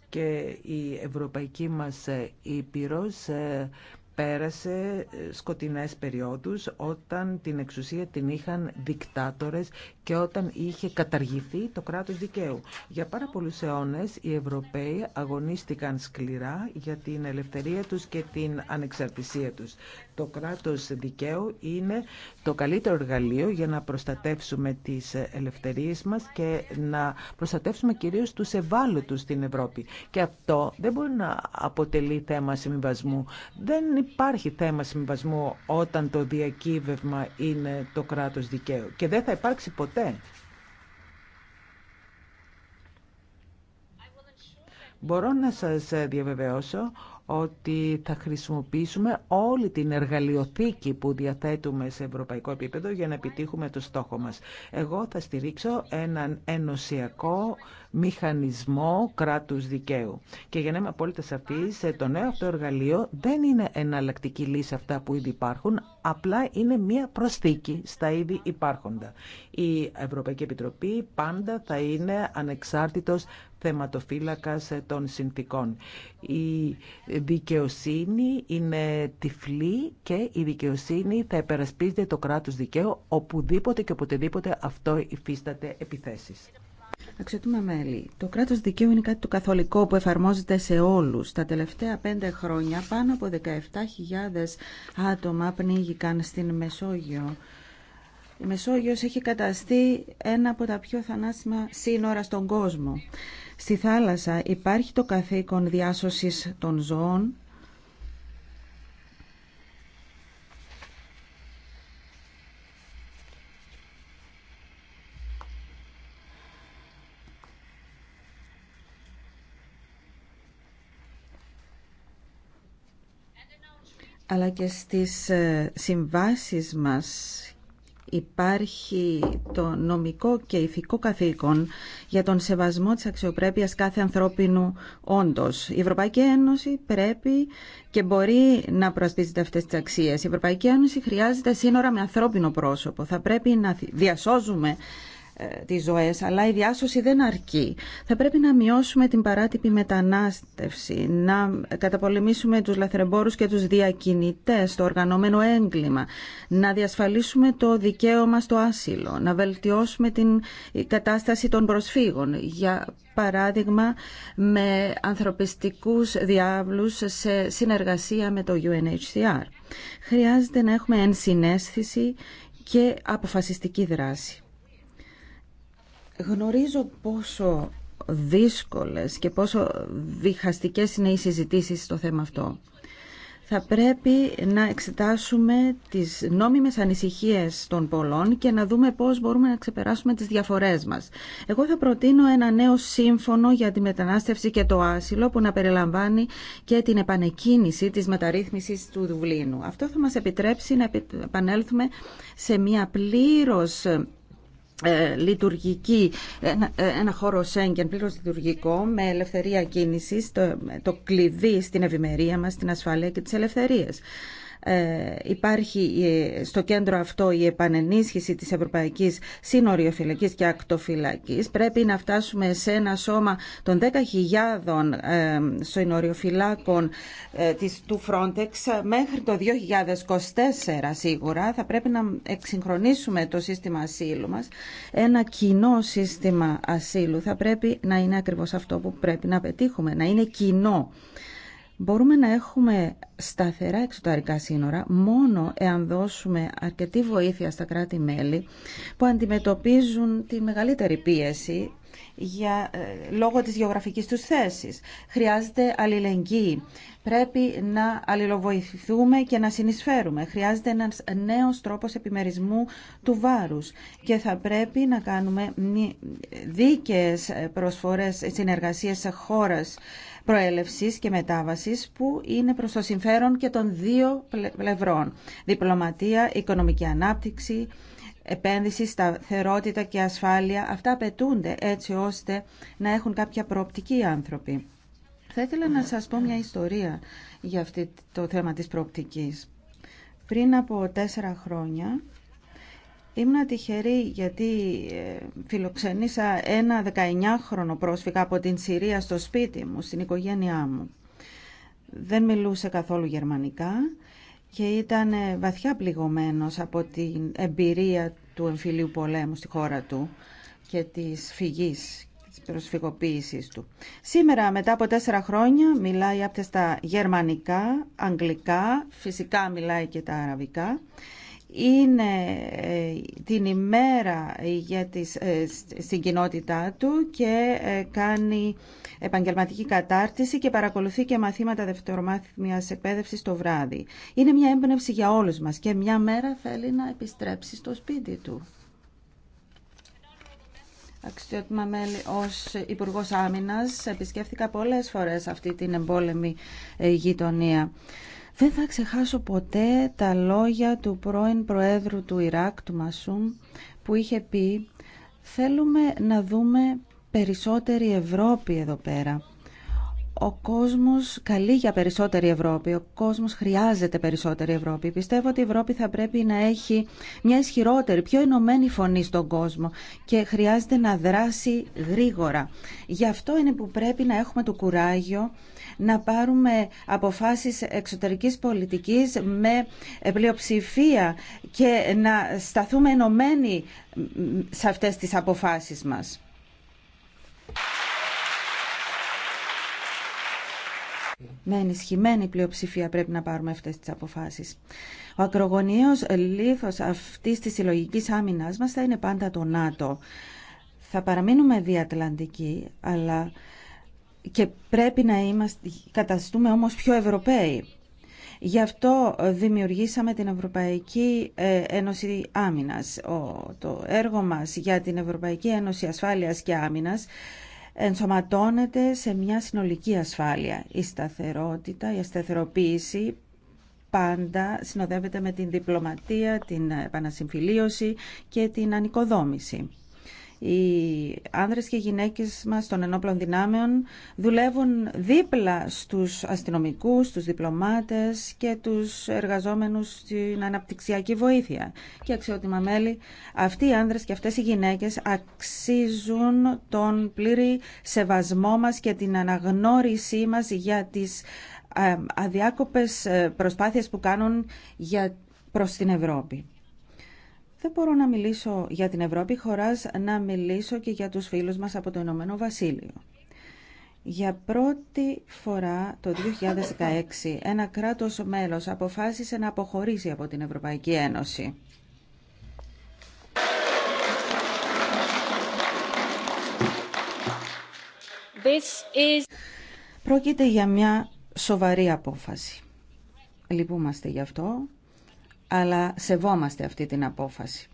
Και η ευρωπαϊκή μας ε, Ήπειρος ε, πέρασε ε, σκοτεινές περιόδους όταν την εξουσία την είχαν δικτάτορες και όταν είχε καταργηθεί το κράτος δικαίου. Για πάρα πολλούς αιώνες οι Ευρωπαίοι αγωνίστηκαν σκληρά για την ελευθερία τους και την ανεξαρτησία τους. Το κράτος δικαίου είναι το καλύτερο εργαλείο για να προστατεύσουμε τις ελευθερίες μας και να προστατεύσουμε κυρίως τους ευάλωτους στην Ευρώπη. Και αυτό δεν μπορεί να αποτελεί θέμα συμβασμού. Δεν υπάρχει θέμα συμβασμού όταν το διακύβευμα είναι το κράτος δικαίου. Και δεν θα υπάρξει ποτέ. Μπορώ να σας διαβεβαιώσω ότι θα χρησιμοποιήσουμε όλη την εργαλειοθήκη που διαθέτουμε σε ευρωπαϊκό επίπεδο για να επιτύχουμε το στόχο μας. Εγώ θα στηρίξω έναν ενωσιακό μηχανισμό κράτους δικαίου. Και για να είμαι απόλυτα σαφή ε, το νέο αυτό εργαλείο δεν είναι εναλλακτική λύση αυτά που ήδη υπάρχουν, απλά είναι μία προσθήκη στα ήδη υπάρχοντα. Η Ευρωπαϊκή Επιτροπή πάντα θα είναι ανεξάρτητος θεματοφύλακας ε, των συνθήκων. Η δικαιοσύνη είναι τυφλή και η δικαιοσύνη θα υπερασπίζεται το κράτος δικαίου οπουδήποτε και οποτεδήποτε αυτό υφίσταται επιθέσεις. Αξιωτούμε μέλη, το κράτος δικαίου είναι κάτι το καθολικό που εφαρμόζεται σε όλους. Τα τελευταία πέντε χρόνια πάνω από 17.000 άτομα πνίγηκαν στην Μεσόγειο. Η Μεσόγειος έχει καταστεί ένα από τα πιο θανάσιμα σύνορα στον κόσμο. Στη θάλασσα υπάρχει το καθήκον διάσωσης των ζώων, αλλά και στις ε, συμβάσεις μας υπάρχει το νομικό και ηθικό καθήκον για τον σεβασμό της αξιοπρέπειας κάθε ανθρώπινου όντως. Η Ευρωπαϊκή Ένωση πρέπει και μπορεί να προασπίζεται αυτές τις αξίες. Η Ευρωπαϊκή Ένωση χρειάζεται σύνορα με ανθρώπινο πρόσωπο. Θα πρέπει να διασώζουμε ε, αλλά η διάσωση δεν αρκεί. Θα πρέπει να μειώσουμε την παράτυπη μετανάστευση, να καταπολεμήσουμε τους λαθρεμπόρους και τους διακινητές, το οργανωμένο έγκλημα, να διασφαλίσουμε το δικαίωμα στο άσυλο, να βελτιώσουμε την κατάσταση των προσφύγων. Για παράδειγμα, με ανθρωπιστικούς διάβλους σε συνεργασία με το UNHCR. Χρειάζεται να έχουμε ενσυναίσθηση και αποφασιστική δράση. Γνωρίζω πόσο δύσκολες και πόσο διχαστικές είναι οι συζητήσεις στο θέμα αυτό. Θα πρέπει να εξετάσουμε τις νόμιμες ανησυχίες των πολλών και να δούμε πώς μπορούμε να ξεπεράσουμε τις διαφορές μας. Εγώ θα προτείνω ένα νέο σύμφωνο για τη μετανάστευση και το άσυλο που να περιλαμβάνει και την επανεκκίνηση της μεταρρύθμισης του Δουβλίνου. Αυτό θα μας επιτρέψει να επανέλθουμε σε μια πλήρως ε, λειτουργική, ε, ένα, χώρο Σέγγεν πλήρω λειτουργικό με ελευθερία κίνησης, το, κλειδί στην ευημερία μας, στην ασφάλεια και τις ελευθερίες. Ε, υπάρχει ε, στο κέντρο αυτό η επανενίσχυση της Ευρωπαϊκής Σύνοριοφυλακής και Ακτοφυλακής. Πρέπει να φτάσουμε σε ένα σώμα των 10.000 ε, σύνοριοφυλάκων της του Frontex μέχρι το 2024 σίγουρα. Θα πρέπει να εξυγχρονίσουμε το σύστημα ασύλου μας. Ένα κοινό σύστημα ασύλου θα πρέπει να είναι ακριβώς αυτό που πρέπει να πετύχουμε, να είναι κοινό. Μπορούμε να έχουμε σταθερά εξωτερικά σύνορα μόνο εάν δώσουμε αρκετή βοήθεια στα κράτη-μέλη που αντιμετωπίζουν τη μεγαλύτερη πίεση για, ε, λόγω της γεωγραφικής τους θέσης. Χρειάζεται αλληλεγγύη. Πρέπει να αλληλοβοηθηθούμε και να συνεισφέρουμε. Χρειάζεται ένας νέος τρόπος επιμερισμού του βάρους και θα πρέπει να κάνουμε δίκαιες προσφορές συνεργασίες σε χώρες προέλευσης και μετάβασης που είναι προς το συμφέρον και των δύο πλευρών. Διπλωματία, οικονομική ανάπτυξη, επένδυση, σταθερότητα και ασφάλεια. Αυτά απαιτούνται έτσι ώστε να έχουν κάποια προοπτική οι άνθρωποι. Θα ήθελα να σας πω μια ιστορία για αυτό το θέμα της προοπτικής. Πριν από τέσσερα χρόνια Ήμουν τυχερή γιατί ε, φιλοξενήσα ένα 19χρονο πρόσφυγα από την Συρία στο σπίτι μου, στην οικογένειά μου. Δεν μιλούσε καθόλου γερμανικά και ήταν ε, βαθιά πληγωμένος από την εμπειρία του εμφυλίου πολέμου στη χώρα του και της φυγής, της προσφυγοποίησης του. Σήμερα, μετά από τέσσερα χρόνια, μιλάει άπτεστα γερμανικά, αγγλικά, φυσικά μιλάει και τα αραβικά είναι ε, την ημέρα ε, για τις, ε, στην κοινότητά του και κάνει επαγγελματική κατάρτιση και παρακολουθεί και μαθήματα δευτερομάθημιας εκπαίδευσης το βράδυ. Είναι μια έμπνευση για όλους μας και μια μέρα θέλει να επιστρέψει στο σπίτι του. Αξιότιμα μέλη, ως Υπουργός Άμυνας επισκέφθηκα πολλές φορές αυτή την εμπόλεμη γειτονία. Δεν θα ξεχάσω ποτέ τα λόγια του πρώην Προέδρου του Ιράκ, του Μασούμ, που είχε πει «Θέλουμε να δούμε περισσότερη Ευρώπη εδώ πέρα». Ο κόσμος καλεί για περισσότερη Ευρώπη, ο κόσμος χρειάζεται περισσότερη Ευρώπη. Πιστεύω ότι η Ευρώπη θα πρέπει να έχει μια ισχυρότερη, πιο ενωμένη φωνή στον κόσμο και χρειάζεται να δράσει γρήγορα. Γι' αυτό είναι που πρέπει να έχουμε το κουράγιο να πάρουμε αποφάσεις εξωτερικής πολιτικής με πλειοψηφία και να σταθούμε ενωμένοι σε αυτές τις αποφάσεις μας. με ενισχυμένη πλειοψηφία πρέπει να πάρουμε αυτές τις αποφάσεις. Ο ακρογωνιαίος λίθος αυτής της συλλογική άμυνας μας θα είναι πάντα το ΝΑΤΟ. Θα παραμείνουμε διατλαντικοί, αλλά και πρέπει να είμαστε, καταστούμε όμως πιο Ευρωπαίοι. Γι' αυτό δημιουργήσαμε την Ευρωπαϊκή ε, Ένωση Άμυνας. το έργο μας για την Ευρωπαϊκή Ένωση Ασφάλειας και Άμυνας ενσωματώνεται σε μια συνολική ασφάλεια. Η σταθερότητα, η αστεθεροποίηση πάντα συνοδεύεται με την διπλωματία, την επανασυμφιλίωση και την ανοικοδόμηση οι άνδρες και οι γυναίκες μας των ενόπλων δυνάμεων δουλεύουν δίπλα στους αστυνομικούς, στους διπλωμάτες και τους εργαζόμενους στην αναπτυξιακή βοήθεια. Και αξιότιμα μέλη, αυτοί οι άνδρες και αυτές οι γυναίκες αξίζουν τον πλήρη σεβασμό μας και την αναγνώρισή μας για τις ε, αδιάκοπες ε, προσπάθειες που κάνουν για προς την Ευρώπη. Δεν μπορώ να μιλήσω για την Ευρώπη χωράς να μιλήσω και για τους φίλους μας από το Ηνωμένο Βασίλειο. Για πρώτη φορά το 2016 ένα κράτος μέλος αποφάσισε να αποχωρήσει από την Ευρωπαϊκή Ένωση. This is... Πρόκειται για μια σοβαρή απόφαση. Λυπούμαστε γι' αυτό αλλά σεβόμαστε αυτή την απόφαση.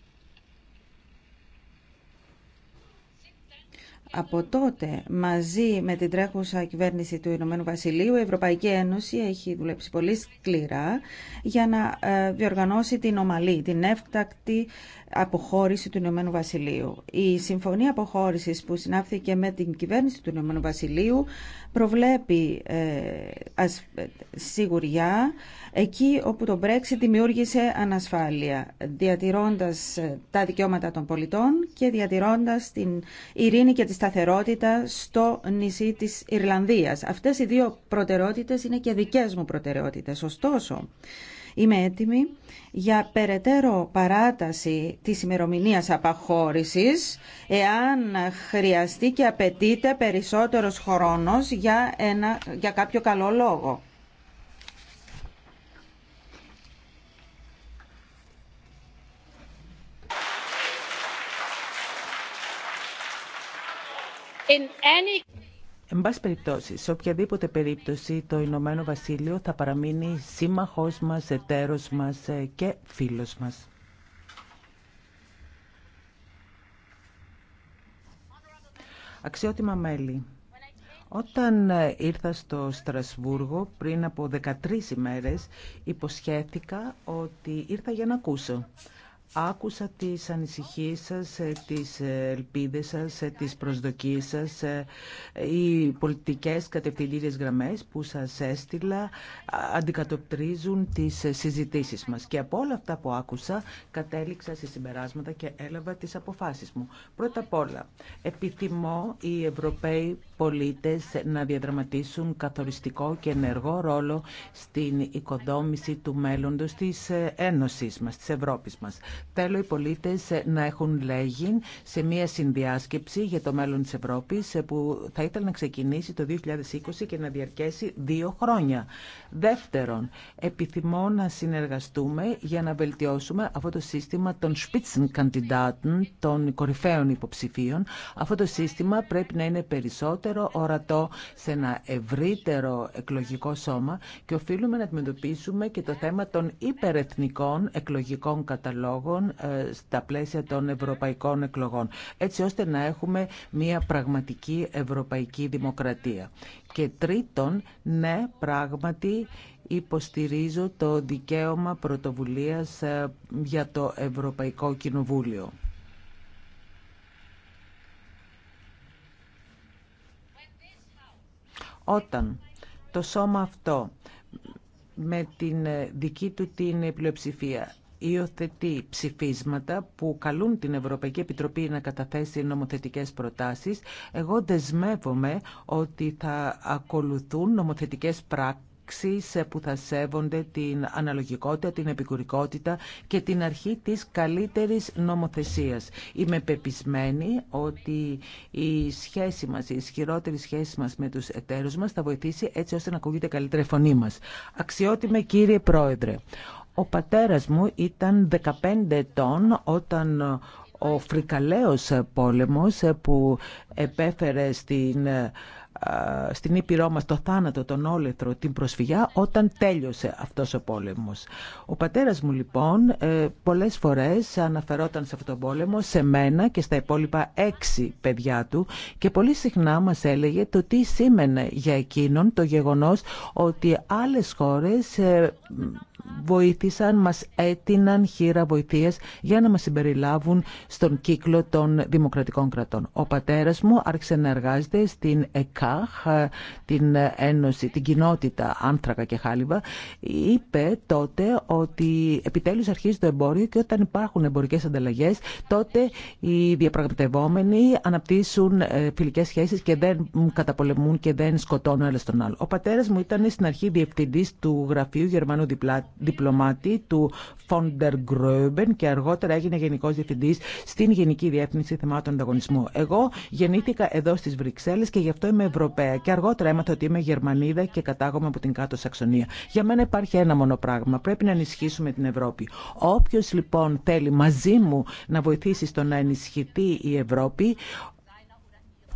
Από τότε, μαζί με την τρέχουσα κυβέρνηση του Ηνωμένου Βασιλείου, η Ευρωπαϊκή Ένωση έχει δουλέψει πολύ σκληρά για να ε, διοργανώσει την ομαλή, την εύκτακτη αποχώρηση του Ηνωμένου Βασιλείου. Η συμφωνία αποχώρησης που συνάφθηκε με την κυβέρνηση του Ηνωμένου Βασιλείου προβλέπει ε, ε, σιγουριά εκεί όπου το Brexit δημιούργησε ανασφάλεια, διατηρώντας ε, τα δικαιώματα των πολιτών και διατηρώντας την ειρήνη και τη σταθερότητα στο νησί της Ιρλανδίας. Αυτές οι δύο προτεραιότητες είναι και δικές μου προτεραιότητες. Ωστόσο, είμαι έτοιμη για περαιτέρω παράταση της ημερομηνία απαχώρησης εάν χρειαστεί και απαιτείται περισσότερος χρόνος για, ένα, για κάποιο καλό λόγο. In Εν πάση περιπτώσει, σε οποιαδήποτε περίπτωση το Ηνωμένο Βασίλειο θα παραμείνει σύμμαχός μας, εταίρος μας ε, και φίλος μας. Αξιότιμα μέλη, όταν ε, ήρθα στο Στρασβούργο πριν από 13 ημέρες υποσχέθηκα ότι ήρθα για να ακούσω. Άκουσα τις ανησυχίες σας, ε, τις ε, ελπίδες σας, ε, τις προσδοκίες σας, οι πολιτικές κατευθυντήριες γραμμές που σας έστειλα αντικατοπτρίζουν τις συζητήσεις μας. Και από όλα αυτά που άκουσα κατέληξα σε συμπεράσματα και έλαβα τις αποφάσεις μου. Πρώτα απ' όλα, επιθυμώ οι Ευρωπαίοι πολίτες να διαδραματίσουν καθοριστικό και ενεργό ρόλο στην οικοδόμηση του μέλλοντος της Ένωσης μας, της Ευρώπης μας. Θέλω οι πολίτε ε, να έχουν λέγει σε μια συνδιάσκεψη για το μέλλον τη Ευρώπη ε, που θα ήθελα να ξεκινήσει το 2020 και να διαρκέσει δύο χρόνια. Δεύτερον, επιθυμώ να συνεργαστούμε για να βελτιώσουμε αυτό το σύστημα των Spitzenkandidaten, των κορυφαίων υποψηφίων. Αυτό το σύστημα πρέπει να είναι περισσότερο ορατό σε ένα ευρύτερο εκλογικό σώμα και οφείλουμε να αντιμετωπίσουμε και το θέμα των υπερεθνικών εκλογικών καταλόγων ε, στα πλαίσια των ευρωπαϊκών εκλογών, έτσι ώστε να έχουμε μια πραγματική ευρωπαϊκή δημοκρατία. Και τρίτον, ναι, πράγματι υποστηρίζω το δικαίωμα πρωτοβουλίας ε, για το Ευρωπαϊκό Κοινοβούλιο. Όταν το σώμα αυτό με την δική του την πλειοψηφία υιοθετεί ψηφίσματα που καλούν την Ευρωπαϊκή Επιτροπή να καταθέσει νομοθετικές προτάσεις. Εγώ δεσμεύομαι ότι θα ακολουθούν νομοθετικές πράξεις που θα σέβονται την αναλογικότητα, την επικουρικότητα και την αρχή της καλύτερης νομοθεσίας. Είμαι πεπισμένη ότι η σχέση μας, η ισχυρότερη σχέση μας με τους εταίρους μας θα βοηθήσει έτσι ώστε να ακούγεται καλύτερη φωνή μας. Αξιότιμε κύριε Πρόεδρε, ο πατέρας μου ήταν 15 ετών όταν ο Φρικαλαίος πόλεμος που επέφερε στην ε, στην Ήπειρό μας το θάνατο, τον όλεθρο, την προσφυγιά όταν τέλειωσε αυτός ο πόλεμος. Ο πατέρας μου λοιπόν ε, πολλές φορές αναφερόταν σε αυτόν τον πόλεμο, σε μένα και στα υπόλοιπα έξι παιδιά του και πολύ συχνά μας έλεγε το τι σήμαινε για εκείνον το γεγονός ότι άλλες χώρες ε, βοήθησαν, μας έτειναν χείρα βοηθείας για να μας συμπεριλάβουν στον κύκλο των δημοκρατικών κρατών. Ο πατέρας μου άρχισε να εργάζεται στην ΕΚΑΧ, την Ένωση, την Κοινότητα Άνθρακα και Χάλιβα. Είπε τότε ότι επιτέλους αρχίζει το εμπόριο και όταν υπάρχουν εμπορικές ανταλλαγές, τότε οι διαπραγματευόμενοι αναπτύσσουν ε, φιλικές σχέσεις και δεν καταπολεμούν και δεν σκοτώνουν ένα τον άλλο. Ο πατέρας μου ήταν στην αρχή διευθυντής του γραφείου Γερμανού Διπλάτη διπλωμάτη του Φόντερ Γκρόμπεν και αργότερα έγινε γενικό διευθυντή στην Γενική Διεύθυνση Θεμάτων Ανταγωνισμού. Εγώ γεννήθηκα εδώ στι Βρυξέλλες και γι' αυτό είμαι Ευρωπαία και αργότερα έμαθα ότι είμαι Γερμανίδα και κατάγομαι από την κάτω Σαξονία. Για μένα υπάρχει ένα μόνο πράγμα. Πρέπει να ενισχύσουμε την Ευρώπη. Όποιο λοιπόν θέλει μαζί μου να βοηθήσει στο να ενισχυθεί η Ευρώπη,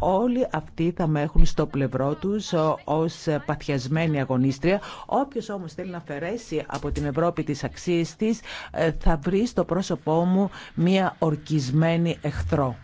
όλοι αυτοί θα με έχουν στο πλευρό τους ως παθιασμένη αγωνίστρια. Όποιος όμως θέλει να αφαιρέσει από την Ευρώπη τις αξίες της ε, θα βρει στο πρόσωπό μου μία ορκισμένη εχθρό.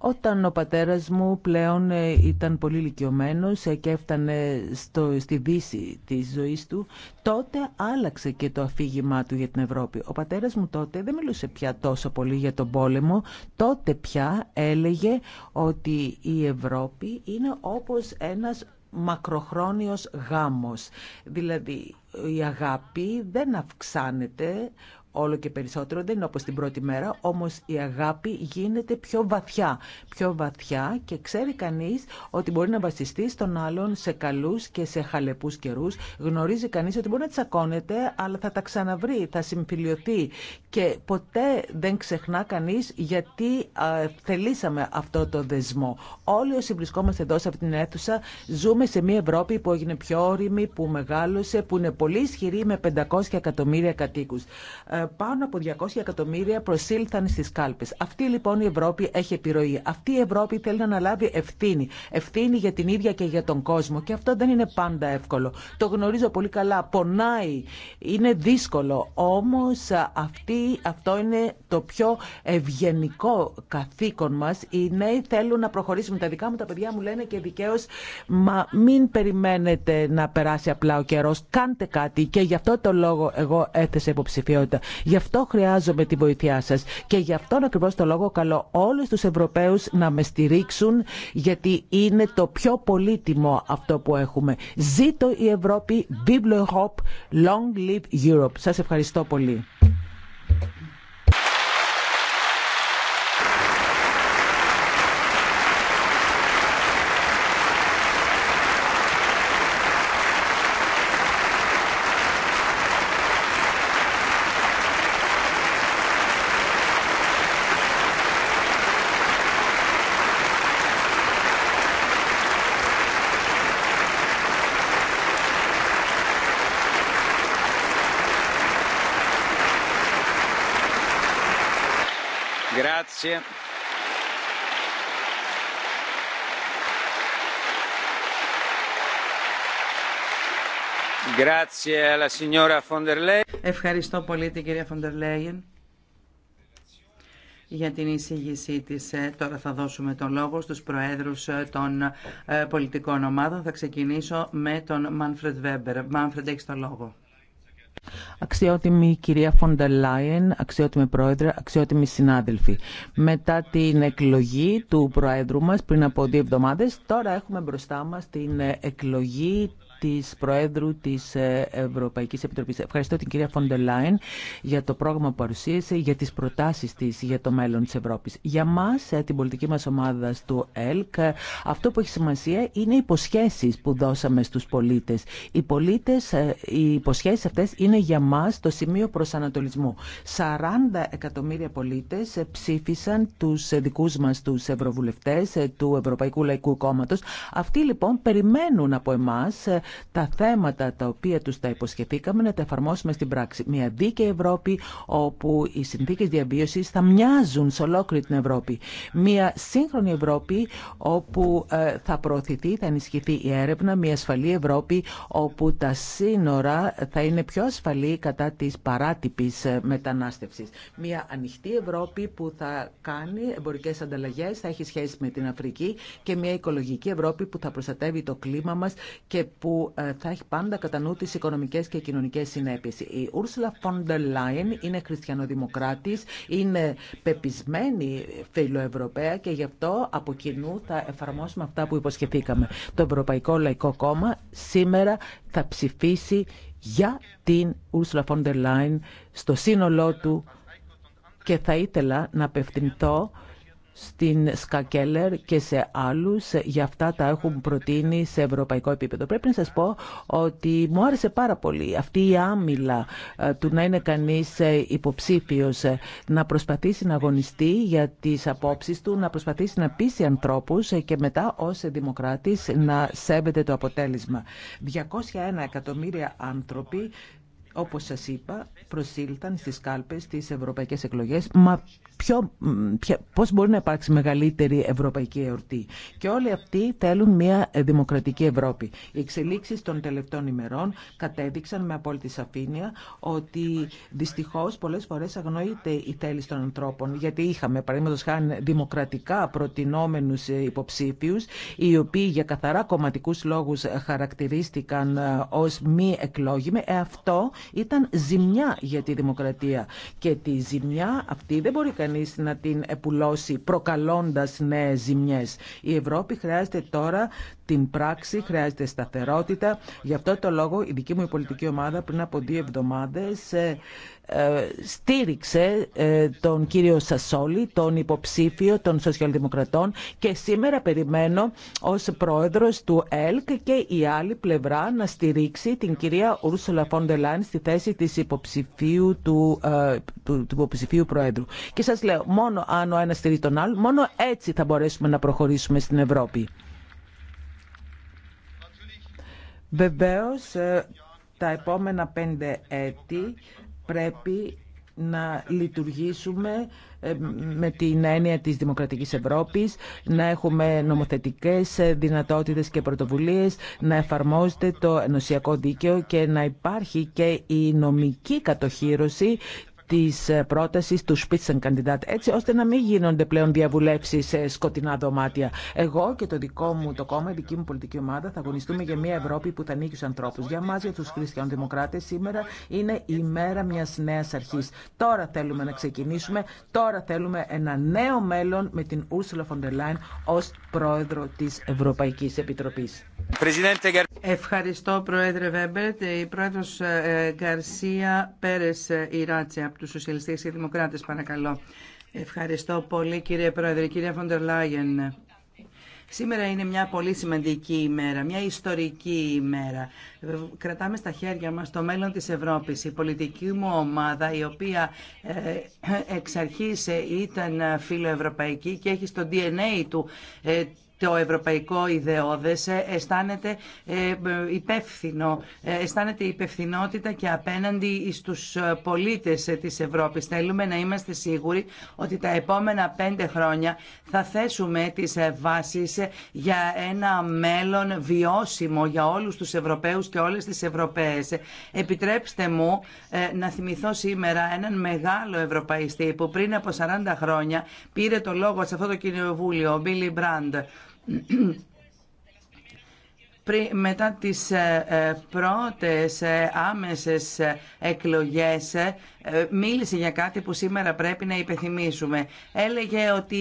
Όταν ο πατέρας μου πλέον ε, ήταν πολύ ηλικιωμένος ε, και έφτανε στο, στη δύση της ζωής του, τότε άλλαξε και το αφήγημά του για την Ευρώπη. Ο πατέρας μου τότε δεν μιλούσε πια τόσο πολύ για τον πόλεμο, τότε πια έλεγε ότι η Ευρώπη είναι όπως ένας μακροχρόνιος γάμος. Δηλαδή η αγάπη δεν αυξάνεται όλο και περισσότερο, δεν είναι όπως την πρώτη μέρα, όμως η αγάπη γίνεται πιο βαθιά. Πιο βαθιά και ξέρει κανείς ότι μπορεί να βασιστεί στον άλλον σε καλούς και σε χαλεπούς καιρούς. Γνωρίζει κανείς ότι μπορεί να τσακώνεται, αλλά θα τα ξαναβρει, θα συμφιλειωθεί και ποτέ δεν ξεχνά κανείς γιατί α, θελήσαμε αυτό το δεσμό. Όλοι όσοι βρισκόμαστε εδώ σε αυτήν την αίθουσα ζούμε σε μια Ευρώπη που έγινε πιο όρημη, που μεγάλωσε, που είναι πολύ ισχυρή με 500 εκατομμύρια κατοίκους ε, πάνω από 200 εκατομμύρια προσήλθαν στι κάλπε. Αυτή λοιπόν η Ευρώπη έχει επιρροή. Αυτή η Ευρώπη θέλει να αναλάβει ευθύνη. Ευθύνη για την ίδια και για τον κόσμο. Και αυτό δεν είναι πάντα εύκολο. Το γνωρίζω πολύ καλά. Πονάει. Είναι δύσκολο. Όμω αυτό είναι το πιο ευγενικό καθήκον μα. Οι νέοι θέλουν να προχωρήσουν. Τα δικά μου τα παιδιά μου λένε και δικαίω, μα μην περιμένετε να περάσει απλά ο καιρό. Κάντε κάτι και γι' αυτό το λόγο εγώ έθεσα υποψηφιότητα. Γι' αυτό χρειάζομαι τη βοήθειά σα και γι' αυτόν ακριβώ το λόγο καλώ όλους τους Ευρωπαίους να με στηρίξουν γιατί είναι το πιο πολύτιμο αυτό που έχουμε. Ζήτω η Ευρώπη, Bible Hope, Long Live Europe. Σας ευχαριστώ πολύ. Grazie. Ευχαριστώ πολύ την κυρία der Leyen για την εισήγησή της. Ε, τώρα θα δώσουμε τον λόγο στους προέδρους ε, των ε, πολιτικών ομάδων. Θα ξεκινήσω με τον Μάνφρεντ Βέμπερ. Μάνφρεντ, έχεις τον λόγο. Αξιότιμη κυρία Φόντα Λάιεν, αξιότιμη πρόεδρε, αξιότιμοι συνάδελφοι. Μετά την εκλογή του πρόεδρου μας πριν από δύο εβδομάδες, τώρα έχουμε μπροστά μας την εκλογή Τη Προέδρου τη ε, Ευρωπαϊκή Επιτροπή. Ευχαριστώ την κυρία Φοντελάιν για το πρόγραμμα που παρουσίασε, για τι προτάσει της για το μέλλον τη Ευρώπη. Για μας, ε, την πολιτική μα ομάδα του ΕΛΚ, ε, αυτό που έχει σημασία είναι οι υποσχέσεις που δώσαμε στου πολίτε. Οι πολίτες, οι υποσχέσεις αυτές είναι για μα το σημείο προσανατολισμού. 40 εκατομμύρια πολίτε ψήφισαν τους δικού μα τους ευρωβουλευτέ του Ευρωπαϊκού Λαϊκού Κόμματο. Αυτοί λοιπόν περιμένουν από εμάς τα θέματα τα οποία τους τα υποσχεθήκαμε να τα εφαρμόσουμε στην πράξη. Μια δίκαιη Ευρώπη όπου οι συνθήκες διαβίωσης θα μοιάζουν σε ολόκληρη την Ευρώπη. Μια σύγχρονη Ευρώπη όπου ε, θα προωθηθεί, θα ενισχυθεί η έρευνα. Μια ασφαλή Ευρώπη όπου τα σύνορα θα είναι πιο ασφαλή κατά της παράτυπης ε, μετανάστευσης. Μια ανοιχτή Ευρώπη που θα κάνει εμπορικές ανταλλαγές, θα έχει σχέση με την Αφρική και μια οικολογική Ευρώπη που θα προστατεύει το κλίμα μας και που ε, θα έχει πάντα κατά νου τις οικονομικές και κοινωνικές συνέπειες. Η Ursula von der Leyen είναι χριστιανοδημοκράτης, είναι πεπισμένη φιλοευρωπαία και γι' αυτό από κοινού θα εφαρμόσουμε αυτά που υποσχεθήκαμε. Το Ευρωπαϊκό Λαϊκό Κόμμα σήμερα θα ψηφίσει για την Ursula von der Leyen στο σύνολό του και θα ήθελα να απευθυνθώ στην Σκακέλερ και σε άλλους. Για αυτά τα έχουν προτείνει σε ευρωπαϊκό επίπεδο. Πρέπει να σας πω ότι μου άρεσε πάρα πολύ αυτή η άμυλα ε, του να είναι κανείς ε, υποψήφιος, ε, να προσπαθήσει να αγωνιστεί για τις απόψεις του, να προσπαθήσει να πείσει ανθρώπους και μετά ως δημοκράτης να σέβεται το αποτέλεσμα. 201 εκατομμύρια άνθρωποι όπως σας είπα, προσήλθαν στις κάλπες τις ευρωπαϊκές εκλογές. Μα ποιο, πώς μπορεί να υπάρξει μεγαλύτερη ευρωπαϊκή εορτή. Και όλοι αυτοί θέλουν μια δημοκρατική Ευρώπη. Οι εξελίξεις των τελευταίων ημερών κατέδειξαν με απόλυτη σαφήνεια ότι δυστυχώς πολλές φορές αγνοείται η θέληση των ανθρώπων. Γιατί είχαμε, παραδείγματος χάνει δημοκρατικά προτινόμενους υποψήφιους, οι οποίοι για καθαρά κομματικούς λόγους χαρακτηρίστηκαν ε, ως μη εκλόγιμοι. Ε, αυτό ήταν ζημιά για τη δημοκρατία. Και τη ζημιά αυτή δεν μπορεί κανεί να την επουλώσει προκαλώντας νέε ζημιέ. Η Ευρώπη χρειάζεται τώρα την πράξη, χρειάζεται σταθερότητα. Γι' αυτό το λόγο η δική μου πολιτική ομάδα πριν από δύο εβδομάδες ε, ε, στήριξε ε, τον κύριο Σασόλη, τον υποψήφιο των Σοσιαλδημοκρατών και σήμερα περιμένω ως πρόεδρος του ΕΛΚ και η άλλη πλευρά να στηρίξει την κυρία Ούρσουλα Φόντελάν στη θέση της υποψηφίου του, ε, του, του υποψηφίου πρόεδρου. Και σας λέω, μόνο αν ο ένας στηρίζει τον άλλο, μόνο έτσι θα μπορέσουμε να προχωρήσουμε στην Ευρώπη. Βεβαίως, τα επόμενα πέντε έτη πρέπει να λειτουργήσουμε ε, με την έννοια της Δημοκρατικής Ευρώπης, να έχουμε νομοθετικές δυνατότητες και πρωτοβουλίες, να εφαρμόζεται το ενωσιακό δίκαιο και να υπάρχει και η νομική κατοχήρωση Τη ε, πρόταση του Spitzenkandidat έτσι ώστε να μην γίνονται πλέον διαβουλεύσει σε σκοτεινά δωμάτια. Εγώ και το δικό μου το κόμμα, η δική μου πολιτική ομάδα θα αγωνιστούμε για μια Ευρώπη που θα ανήκει στου ανθρώπου. Για εμά, για του χριστιανοδημοκράτε, σήμερα είναι η μέρα μια νέα αρχή. Τώρα θέλουμε να ξεκινήσουμε, τώρα θέλουμε ένα νέο μέλλον με την Ursula von der Leyen ω πρόεδρο τη Ευρωπαϊκή Επιτροπή. Ευχαριστώ Πρόεδρε Βέμπερτ. Η πρόεδρο ε, Γκαρσία πέρε Ιράτσε ε, από του τους Σοσιαλιστές και Δημοκράτες, παρακαλώ. Ευχαριστώ πολύ, κύριε Πρόεδρε, κύριε Φοντερ Λάγεν. Σήμερα είναι μια πολύ σημαντική ημέρα, μια ιστορική ημέρα. Κρατάμε στα χέρια μας το μέλλον της Ευρώπης. Η πολιτική μου ομάδα, η οποία ε, εξ αρχής ε, ήταν φιλοευρωπαϊκή και έχει στο DNA του ε, το ευρωπαϊκό ιδεώδες ε, αισθάνεται ε, υπεύθυνο, ε, αισθάνεται υπευθυνότητα και απέναντι στους πολίτες της Ευρώπης. Θέλουμε να είμαστε σίγουροι ότι τα επόμενα πέντε χρόνια θα θέσουμε τις βάσεις για ένα μέλλον βιώσιμο για όλους τους Ευρωπαίους και όλες τις Ευρωπαίες. Επιτρέψτε μου να θυμηθώ σήμερα έναν μεγάλο Ευρωπαϊστή που πριν από 40 χρόνια πήρε το λόγο σε αυτό το κοινοβούλιο, ο Μπίλι Μπραντ μετά τις ε, ε, πρώτες ε, άμεσες εκλογές ε, μίλησε για κάτι που σήμερα πρέπει να υπεθυμίσουμε. Έλεγε ότι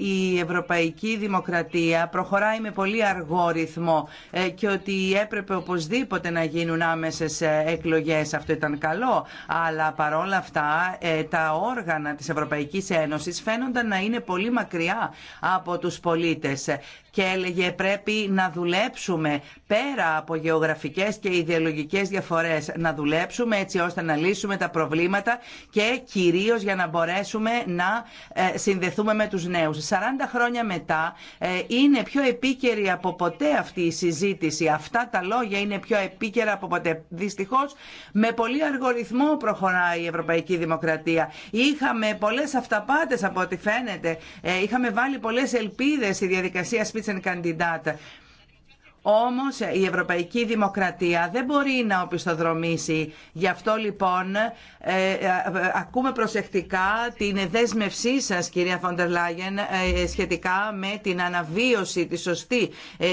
η ευρωπαϊκή δημοκρατία προχωράει με πολύ αργό ρυθμό ε, και ότι έπρεπε οπωσδήποτε να γίνουν άμεσες ε, εκλογές. Αυτό ήταν καλό, αλλά παρόλα αυτά τα όργανα της Ευρωπαϊκής Ένωσης φαίνονταν να είναι πολύ μακριά από τους πολίτες και έλεγε πρέπει να δουλέψουμε πέρα από γεωγραφικές και ιδεολογικές διαφορές, να δουλέψουμε έτσι ώστε να λύσουμε τα προβλήματα και κυρίως για να μπορέσουμε να ε, συνδεθούμε με τους νέους. 40 χρόνια μετά ε, είναι πιο επίκαιρη από ποτέ αυτή η συζήτηση. Αυτά τα λόγια είναι πιο επίκαιρα από ποτέ. Δυστυχώ με πολύ αργό προχωράει η Ευρωπαϊκή Δημοκρατία. Είχαμε πολλές αυταπάτες από ό,τι φαίνεται. Ε, είχαμε βάλει πολλές ελπίδες στη διαδικασία Spitzenkandidat. Όμως ε, η Ευρωπαϊκή Δημοκρατία δεν μπορεί να οπισθοδρομήσει. Γι' αυτό λοιπόν ε, ε, ακούμε προσεκτικά την δέσμευσή σας κυρία Φόντερ Λάγεν σχετικά με την αναβίωση της σωστή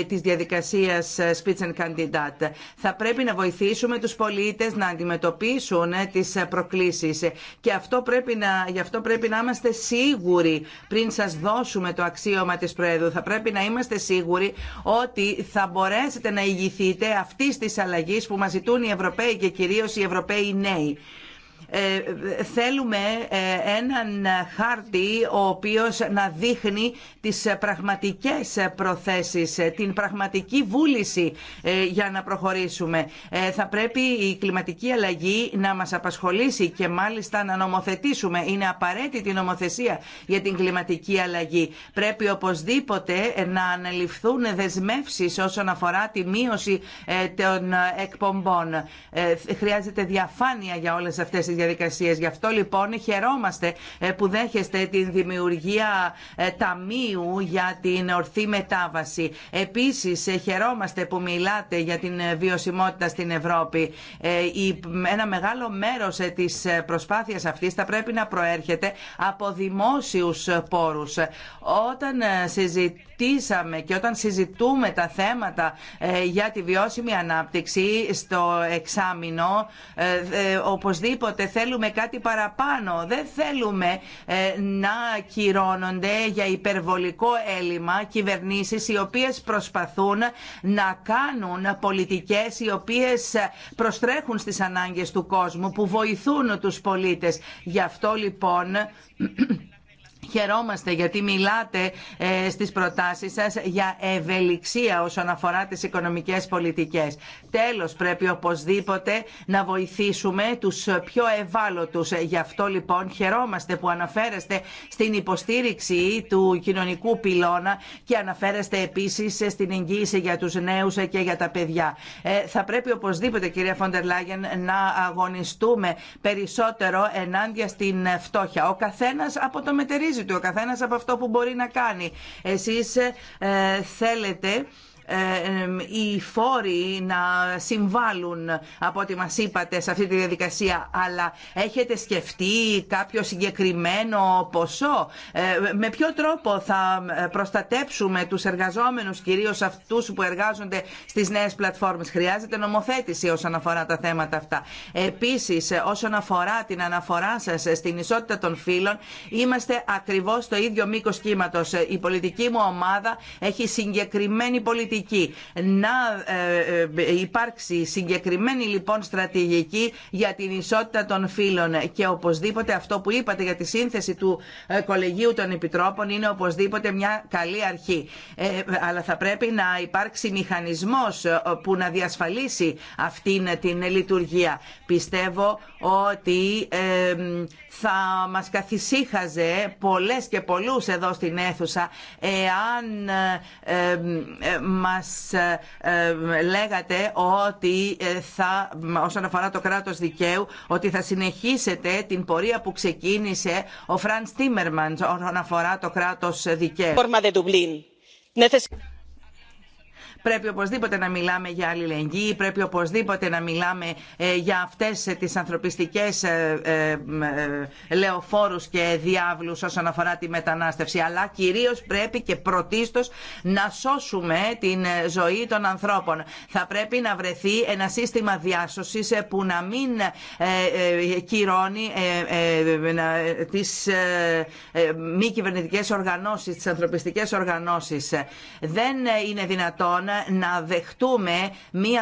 της διαδικασίας Spitzenkandidat. Θα πρέπει να βοηθήσουμε τους πολίτες να αντιμετωπίσουν τις προκλήσεις και αυτό πρέπει να, γι' αυτό πρέπει να είμαστε σίγουροι πριν σας δώσουμε το αξίωμα της Προέδρου. Θα πρέπει να είμαστε σίγουροι ότι θα μπορούμε μπορέσετε να ηγηθείτε αυτής της αλλαγής που μας ζητούν οι Ευρωπαίοι και κυρίως οι Ευρωπαίοι νέοι. Ε, θέλουμε ε, έναν χάρτη ο οποίος να δείχνει τις πραγματικές προθέσεις, ε, την πραγματική βούληση για να προχωρήσουμε. Θα πρέπει η κλιματική αλλαγή να μας απασχολήσει και μάλιστα να νομοθετήσουμε. Είναι απαραίτητη νομοθεσία για την κλιματική αλλαγή. Πρέπει οπωσδήποτε να αναλυφθούν δεσμεύσεις όσον αφορά τη μείωση των εκπομπών. Χρειάζεται διαφάνεια για όλες αυτές τις διαδικασίες. Γι' αυτό λοιπόν χαιρόμαστε ε, που δέχεστε την δημιουργία ε, ταμείου για την ορθή μετάβαση. Επίσης ε, χαιρόμαστε που μιλάτε για την βιωσιμότητα στην Ευρώπη. Ένα μεγάλο μέρος της προσπάθειας αυτή θα πρέπει να προέρχεται από δημόσιου πόρους. Όταν συζητάμε και όταν συζητούμε τα θέματα ε, για τη βιώσιμη ανάπτυξη στο εξάμεινο, ε, ε, οπωσδήποτε θέλουμε κάτι παραπάνω. Δεν θέλουμε να κυρώνονται για υπερβολικό έλλειμμα κυβερνήσεις οι οποίες προσπαθούν να κάνουν πολιτικές οι οποίες προστρέχουν στις ανάγκες του κόσμου, που βοηθούν τους πολίτες. Γι' αυτό λοιπόν Χαιρόμαστε γιατί μιλάτε ε, στις προτάσεις σας για ευελιξία όσον αφορά τις οικονομικές πολιτικές. Τέλος, πρέπει οπωσδήποτε να βοηθήσουμε τους πιο ευάλωτους. Γι' αυτό λοιπόν χαιρόμαστε που αναφέρεστε στην υποστήριξη του κοινωνικού πυλώνα και αναφέρεστε επίσης στην εγγύηση για τους νέους και για τα παιδιά. Ε, θα πρέπει οπωσδήποτε κυρία Φοντερ να αγωνιστούμε περισσότερο ενάντια στην φτώχεια. Ο καθένας από το μετερίζει του, ο καθένας από αυτό που μπορεί να κάνει. Εσείς ε, θέλετε οι φόροι να συμβάλλουν από ό,τι μας είπατε σε αυτή τη διαδικασία αλλά έχετε σκεφτεί κάποιο συγκεκριμένο ποσό ε, με ποιο τρόπο θα προστατέψουμε τους εργαζόμενους κυρίως αυτούς που εργάζονται στις νέες πλατφόρμες χρειάζεται νομοθέτηση όσον αφορά τα θέματα αυτά επίσης όσον αφορά την αναφορά σας στην ισότητα των φύλων είμαστε ακριβώς στο ίδιο μήκος κύματος η πολιτική μου ομάδα έχει συγκεκριμένη πολιτική να ε, ε, υπάρξει συγκεκριμένη λοιπόν στρατηγική για την ισότητα των φύλων και οπωσδήποτε αυτό που είπατε για τη σύνθεση του ε, Κολεγίου των Επιτρόπων είναι οπωσδήποτε μια καλή αρχή. Αλλά θα πρέπει να υπάρξει μηχανισμός που να διασφαλίσει αυτήν την λειτουργία. Πιστεύω ότι θα μας καθησύχαζε πολλές και πολλούς εδώ στην αίθουσα εάν μας ε, ε, λέγατε ότι ε, θα, όσον αφορά το κράτος δικαίου, ότι θα συνεχίσετε την πορεία που ξεκίνησε ο Φραν Τίμερμαντ όσον αφορά το κράτος δικαίου. Πρέπει οπωσδήποτε να μιλάμε για αλληλεγγύη, πρέπει οπωσδήποτε να μιλάμε ε, για αυτές ε, τις ανθρωπιστικές ε, λεωφόρους και διάβλους όσον αφορά τη μετανάστευση. Αλλά κυρίως πρέπει και πρωτίστως να σώσουμε την ζωή των ανθρώπων. Θα πρέπει να βρεθεί ένα σύστημα διάσωσης που να μην κυρώνει τις μη κυβερνητικές οργανώσεις, τις ανθρωπιστικές οργανώσεις. Δεν είναι δυνατόν Λοιπόν να δεχτούμε μια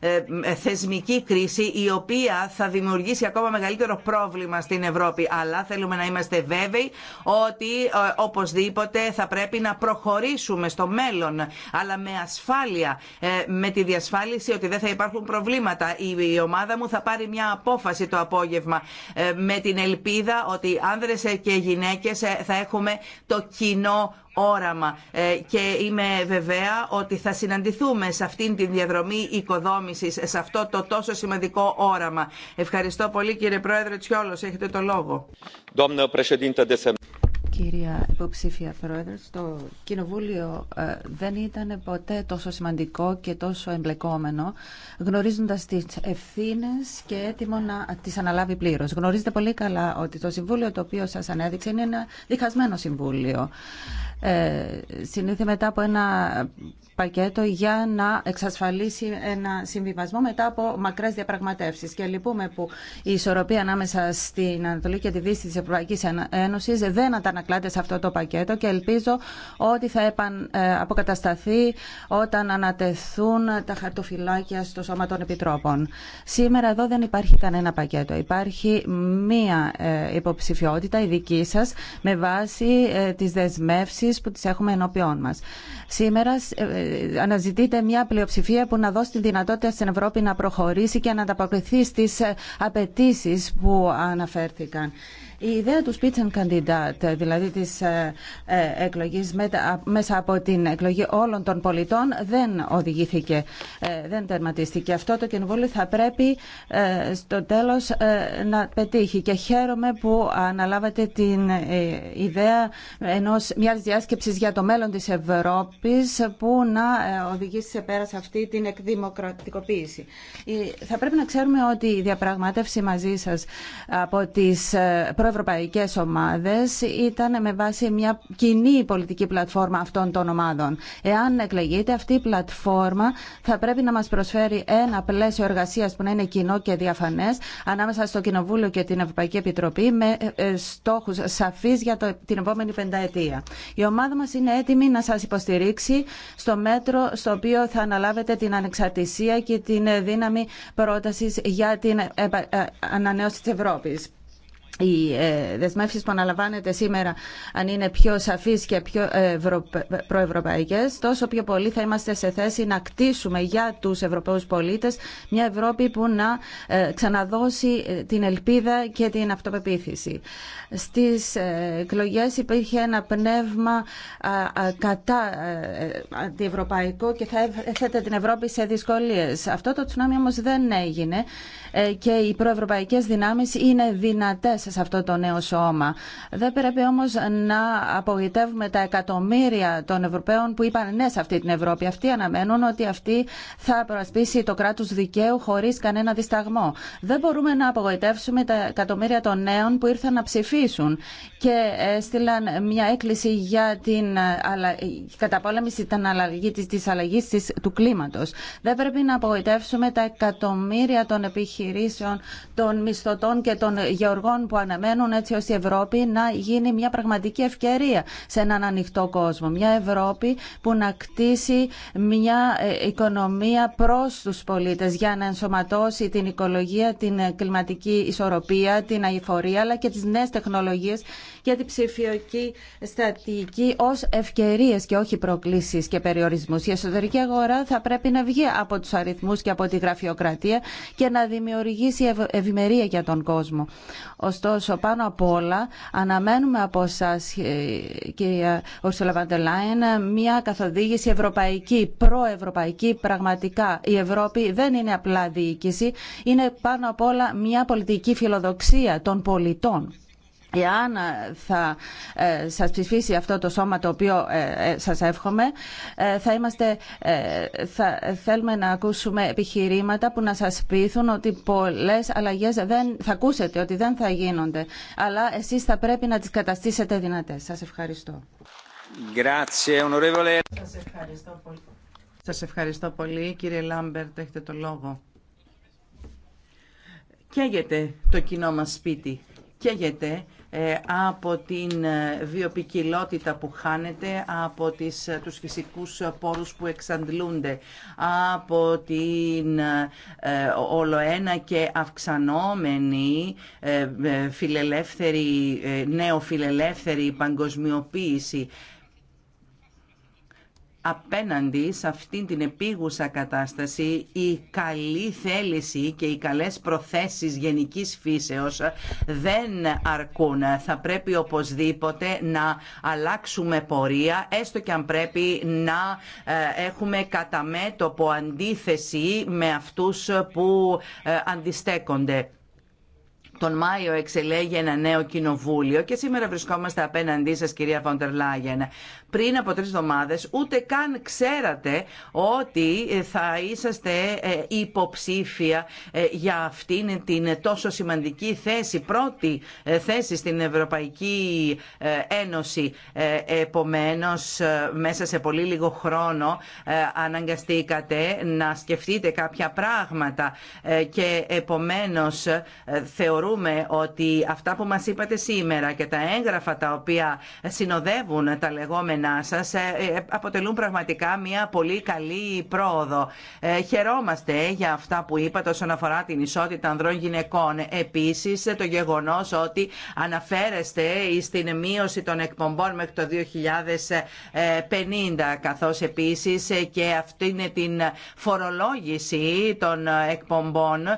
ε, ε, θεσμική κρίση η οποία θα δημιουργήσει ακόμα μεγαλύτερο πρόβλημα στην Ευρώπη. Αλλά θέλουμε να είμαστε βέβαιοι ότι ε, οπωσδήποτε θα πρέπει να προχωρήσουμε στο μέλλον, αλλά με ασφάλεια, με τη διασφάλιση ότι δεν θα υπάρχουν προβλήματα. Η ομάδα μου θα πάρει μια απόφαση το απόγευμα με την ελπίδα ότι άνδρες και γυναίκες θα έχουμε το κοινό όραμα ε, και είμαι βεβαία ότι θα συναντηθούμε σε αυτήν την διαδρομή οικοδόμησης, σε αυτό το τόσο σημαντικό όραμα. Ευχαριστώ πολύ κύριε Πρόεδρε Τσιόλος, έχετε το λόγο. Κυρία υποψήφια πρόεδρε, το Κοινοβούλιο ε, δεν ήταν ποτέ τόσο σημαντικό και τόσο εμπλεκόμενο, γνωρίζοντας τις ευθύνες και έτοιμο να τις αναλάβει πλήρως. Γνωρίζετε πολύ καλά ότι το Συμβούλιο το οποίο σας ανέδειξε είναι ένα διχασμένο Συμβούλιο. Ε, συνήθει μετά από ένα πακέτο για να εξασφαλίσει ένα συμβιβασμό μετά από μακρέ διαπραγματεύσει. Και λυπούμε που η ισορροπία ανάμεσα στην Ανατολή και τη Δύση τη Ευρωπαϊκή Ένωση δεν αντανακλάται σε αυτό το πακέτο και ελπίζω ότι θα ε, αποκατασταθεί όταν ανατεθούν τα χαρτοφυλάκια στο Σώμα των Επιτρόπων. Σήμερα εδώ δεν υπάρχει κανένα πακέτο. Υπάρχει μία ε, υποψηφιότητα, η δική σα, με βάση τι δεσμεύσει που τις έχουμε ενώπιόν μας. Σήμερα ε, ε, αναζητείται μια πλειοψηφία που να δώσει τη δυνατότητα στην Ευρώπη να προχωρήσει και να ανταποκριθεί στις ε, απαιτήσει που αναφέρθηκαν. Η ιδέα του Spitzenkandidat, δηλαδή της ε, ε, εκλογής μέσα από την εκλογή όλων των πολιτών, δεν οδηγήθηκε, ε, δεν τερματίστηκε. Αυτό το κοινοβούλιο θα πρέπει στο τέλος να πετύχει και χαίρομαι που αναλάβατε την ιδέα ενός, μιας διάσκεψης για το μέλλον της Ευρώπης που να οδηγήσει σε πέρα σε αυτή την εκδημοκρατικοποίηση. Θα πρέπει να ξέρουμε ότι η διαπραγμάτευση μαζί σας από τις Ευρωπαϊκέ ομάδε ήταν με βάση μια κοινή πολιτική πλατφόρμα αυτών των ομάδων. Εάν εκλεγείτε, αυτή η πλατφόρμα θα πρέπει να μα προσφέρει ένα πλαίσιο εργασία που να είναι κοινό και διαφανέ, ανάμεσα στο Κοινοβούλιο και την Ευρωπαϊκή Επιτροπή με ε, ε, στόχου σαφείς για την επόμενη πενταετία. Η ομάδα μα είναι έτοιμη να σα υποστηρίξει στο μέτρο στο οποίο θα αναλάβετε την ανεξαρτησία και την ε, δύναμη πρόταση για την ανανέωση της Ευρώπης οι ε, δεσμεύσεις που αναλαμβάνεται σήμερα αν είναι πιο σαφείς και πιο προευρωπαϊκές τόσο πιο πολύ θα είμαστε σε θέση να κτίσουμε για τους Ευρωπαίους πολίτες μια Ευρώπη που να ε, ξαναδώσει ε, την ελπίδα και την αυτοπεποίθηση. Στις ε, εκλογέ υπήρχε ένα πνεύμα κατά ε, αντιευρωπαϊκό και θα έθετε την Ευρώπη σε δυσκολίες. Αυτό το τσουνάμι όμως δεν έγινε ε, και οι προευρωπαϊκές δυνάμεις είναι δυνατές σε αυτό το νέο σώμα. Δεν πρέπει όμως να απογοητεύουμε τα εκατομμύρια των Ευρωπαίων που είπαν ναι σε αυτή την Ευρώπη. Αυτοί αναμένουν ότι αυτή θα προασπίσει το κράτος δικαίου χωρίς κανένα δισταγμό. Δεν μπορούμε να απογοητεύσουμε τα εκατομμύρια των νέων που ήρθαν να ψηφίσουν και έστειλαν μια έκκληση για την καταπόλεμηση της αλλαγής του κλίματος. Δεν πρέπει να απογοητεύσουμε τα εκατομμύρια των επιχειρήσεων, των μισθωτών και των γεωργών που αναμένουν έτσι ώστε η Ευρώπη να γίνει μια πραγματική ευκαιρία σε έναν ανοιχτό κόσμο. Μια Ευρώπη που να κτίσει μια ε, οικονομία προς τους πολίτες για να ενσωματώσει την οικολογία, την κλιματική ισορροπία, την αηφορία αλλά και τις νέες τεχνολογίες τεχνολογίε για την ψηφιακή στατική ως ευκαιρίες και όχι προκλήσεις και περιορισμούς. Η εσωτερική αγορά θα πρέπει να βγει από τους αριθμούς και από τη γραφειοκρατία και να δημιουργήσει ευημερία για τον κόσμο. Ωστόσο, πάνω απ' όλα, αναμένουμε από εσά, κυρία Ορσολαβαντελάιν, μια καθοδήγηση ευρωπαϊκή, προευρωπαϊκή πραγματικά. Η Ευρώπη δεν είναι απλά διοίκηση, είναι πάνω απ' όλα μια πολιτική φιλοδοξία των πολιτών. Εάν ε, θα ε, σας ψηφίσει αυτό το σώμα το οποίο ε, σας εύχομαι, θα, είμαστε, θα θέλουμε να ακούσουμε επιχειρήματα που να σας πείθουν ότι πολλές αλλαγές δεν, θα ακούσετε ότι δεν θα γίνονται, αλλά εσείς θα πρέπει να τις καταστήσετε δυνατές. Σας ευχαριστώ. Σας ευχαριστώ πολύ. Σας ευχαριστώ πολύ. Κύριε Λάμπερτ, έχετε το λόγο. Καίγεται το κοινό μας σπίτι. Καίγεται ε, από την ε, βιοπικιλότητα που χάνεται, από τις, ε, τους φυσικούς πόρους που εξαντλούνται, από την ολοένα και αυξανόμενη φιλελεύθερη, νεοφιλελεύθερη παγκοσμιοποίηση απέναντι σε αυτήν την επίγουσα κατάσταση η καλή θέληση και οι καλές προθέσεις γενικής φύσεως δεν αρκούν. Θα πρέπει οπωσδήποτε να αλλάξουμε πορεία, έστω και αν πρέπει να ε, έχουμε κατά μέτωπο αντίθεση με αυτούς που ε, αντιστέκονται. Τον Μάιο εξελέγει ένα νέο κοινοβούλιο και σήμερα βρισκόμαστε απέναντί σας κυρία Φόντερ Πριν από τρεις εβδομάδες ούτε καν ξέρατε ότι θα είσαστε ε, υποψήφια ε, για αυτήν την τόσο σημαντική θέση, πρώτη ε, θέση στην Ευρωπαϊκή Ένωση. Επομένως, μέσα σε πολύ λίγο χρόνο αναγκαστήκατε να σκεφτείτε κάποια πράγματα και επομένως θεωρούμε θεωρούμε ότι αυτά που μας είπατε σήμερα και τα έγγραφα τα οποία συνοδεύουν τα λεγόμενά σας ε, ε, αποτελούν πραγματικά μια πολύ καλή πρόοδο. Ε, χαιρόμαστε για αυτά που είπατε όσον αφορά την ισότητα ανδρών γυναικών. Επίσης το γεγονός ότι αναφέρεστε στην μείωση των εκπομπών μέχρι το 2050 καθώς επίσης και αυτή είναι την φορολόγηση των εκπομπών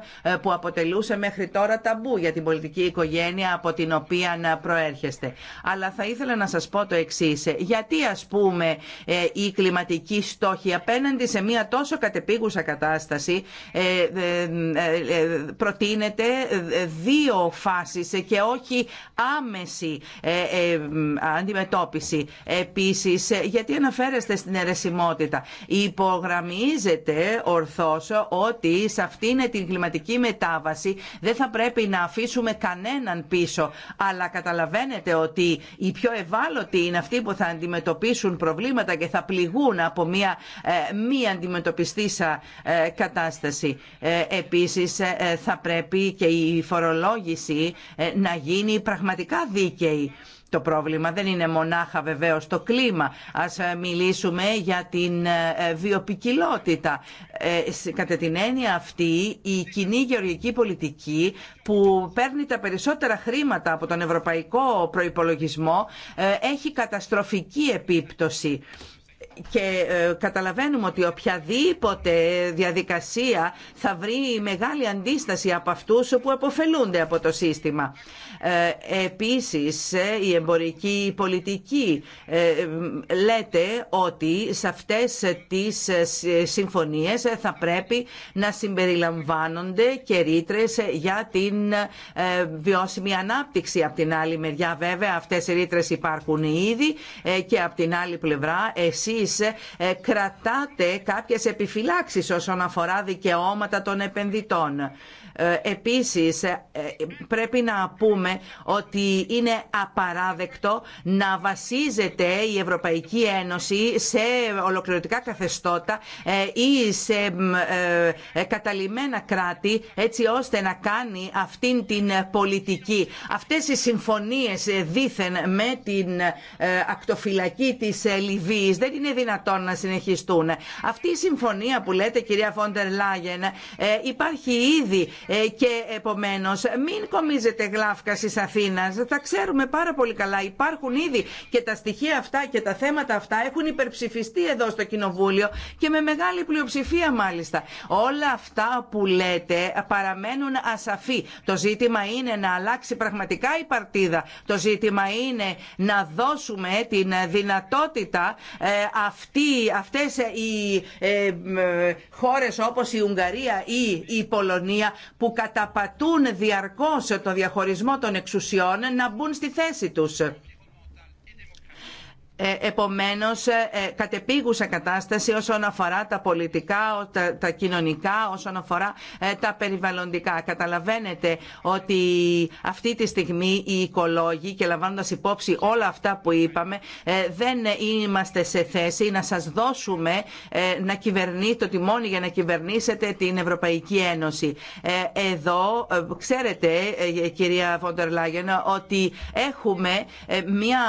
που αποτελούσε μέχρι τώρα ταμπού για την πολιτική οικογένεια από την οποία να προέρχεστε. Αλλά θα ήθελα να σας πω το εξή. Γιατί ας πούμε η ε, κλιματική στόχη απέναντι σε μια τόσο κατεπίγουσα κατάσταση ε, ε, προτείνεται δύο φάσεις και όχι άμεση αντιμετώπιση. Επίσης, γιατί αναφέρεστε στην αιρεσιμότητα. Υπογραμμίζεται ορθώς ότι σε αυτήν την κλιματική μετάβαση δεν θα πρέπει να αφήσουμε κανέναν πίσω. Αλλά καταλαβαίνετε ότι οι πιο ευάλωτοι είναι αυτοί που θα αντιμετωπίσουν προβλήματα και θα πληγούν από μια ε, μη αντιμετωπιστήσα ε, κατάσταση. Ε, επίσης θα πρέπει και η φορολόγηση να γίνει πραγματικά δίκαιη το πρόβλημα δεν είναι μονάχα βεβαίω το κλίμα. Ας ε, μιλήσουμε για την ε, ε, βιοπικιλότητα. Κατά την έννοια αυτή, η κοινή γεωργική πολιτική που παίρνει τα περισσότερα χρήματα από τον ευρωπαϊκό προϋπολογισμό έχει καταστροφική επίπτωση και ε, καταλαβαίνουμε ότι οποιαδήποτε διαδικασία θα βρει μεγάλη αντίσταση από αυτούς που αποφελούνται από το σύστημα. Ε, επίσης, ε, η εμπορική πολιτική λέτε ότι σε αυτές τις συμφωνίες θα πρέπει να συμπεριλαμβάνονται και ρήτρε για την βιώσιμη ανάπτυξη. Από την άλλη μεριά βέβαια αυτές οι ρήτρε υπάρχουν ήδη και από την άλλη πλευρά εσείς εσείς ε, ε, κρατάτε κάποιες επιφυλάξεις όσον αφορά δικαιώματα των επενδυτών. Ε, επίσης πρέπει να πούμε ότι είναι απαράδεκτο να βασίζεται η Ευρωπαϊκή Ένωση σε ολοκληρωτικά καθεστώτα ή σε καταλημμένα κράτη έτσι ώστε να κάνει αυτήν την πολιτική. Αυτές οι συμφωνίες δήθεν με την ακτοφυλακή της Λιβύης δεν είναι δυνατόν να συνεχιστούν. Αυτή η συμφωνία που λέτε κυρία Φόντερ Λάγεν ε, υπάρχει ήδη ε, και επομένω. μην κομίζετε γλάφκα στις Αθήνα. Τα ξέρουμε πάρα πολύ καλά. Υπάρχουν ήδη και τα στοιχεία αυτά και τα θέματα αυτά έχουν υπερψηφιστεί εδώ στο Κοινοβούλιο και με μεγάλη πλειοψηφία μάλιστα. Όλα αυτά που λέτε παραμένουν ασαφή. Το ζήτημα είναι να αλλάξει πραγματικά η παρτίδα. Το ζήτημα είναι να δώσουμε την δυνατότητα ε, αυτοί, αυτές οι ε, χώρες όπως η Ουγγαρία ή η Πολωνία που καταπατούν διαρκώς το διαχωρισμό των εξουσιών να μπουν στη θέση τους. Ε, επομένως, ε, ε, κατεπίγουσα κατάσταση όσον αφορά τα πολιτικά, τα, κοινωνικά, όσον αφορά τα περιβαλλοντικά. Καταλαβαίνετε ότι αυτή τη στιγμή οι οικολόγοι και λαμβάνοντας υπόψη όλα αυτά που είπαμε, δεν είμαστε σε θέση να σας δώσουμε να κυβερνείτε, το τιμόνι για να κυβερνήσετε την Ευρωπαϊκή Ένωση. Εδώ, ξέρετε, κυρία Βοντερλάγεν ότι έχουμε μια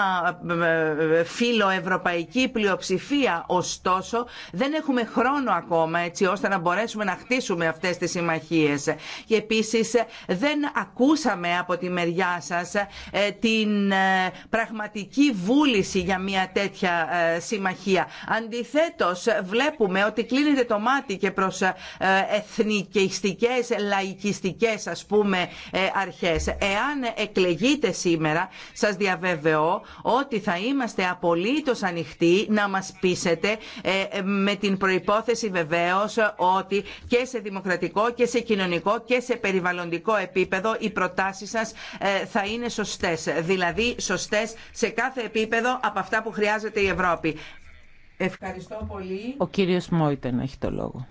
φιλοευρωπαϊκή πλειοψηφία. Ωστόσο, δεν έχουμε χρόνο ακόμα έτσι ώστε να μπορέσουμε να χτίσουμε αυτές τις συμμαχίες. Και επίσης δεν ακούσαμε από τη μεριά σας ε, την ε, πραγματική βούληση για μια τέτοια ε, συμμαχία. Αντιθέτως, βλέπουμε ότι κλείνετε το μάτι και προς εθνικιστικές, λαϊκιστικές ας πούμε αρχές. Εάν εκλεγείτε σήμερα, σας διαβεβαιώ ότι θα είμαστε από απολύτως ανοιχτή να μας πείσετε ε, ε, με την προϋπόθεση βεβαίως ότι και σε δημοκρατικό και σε κοινωνικό και σε περιβαλλοντικό επίπεδο οι προτάσεις σας ε, θα είναι σωστές. Δηλαδή σωστές σε κάθε επίπεδο από αυτά που χρειάζεται η Ευρώπη. Ευχαριστώ πολύ. Ο κύριος Μόιτεν έχει το λόγο.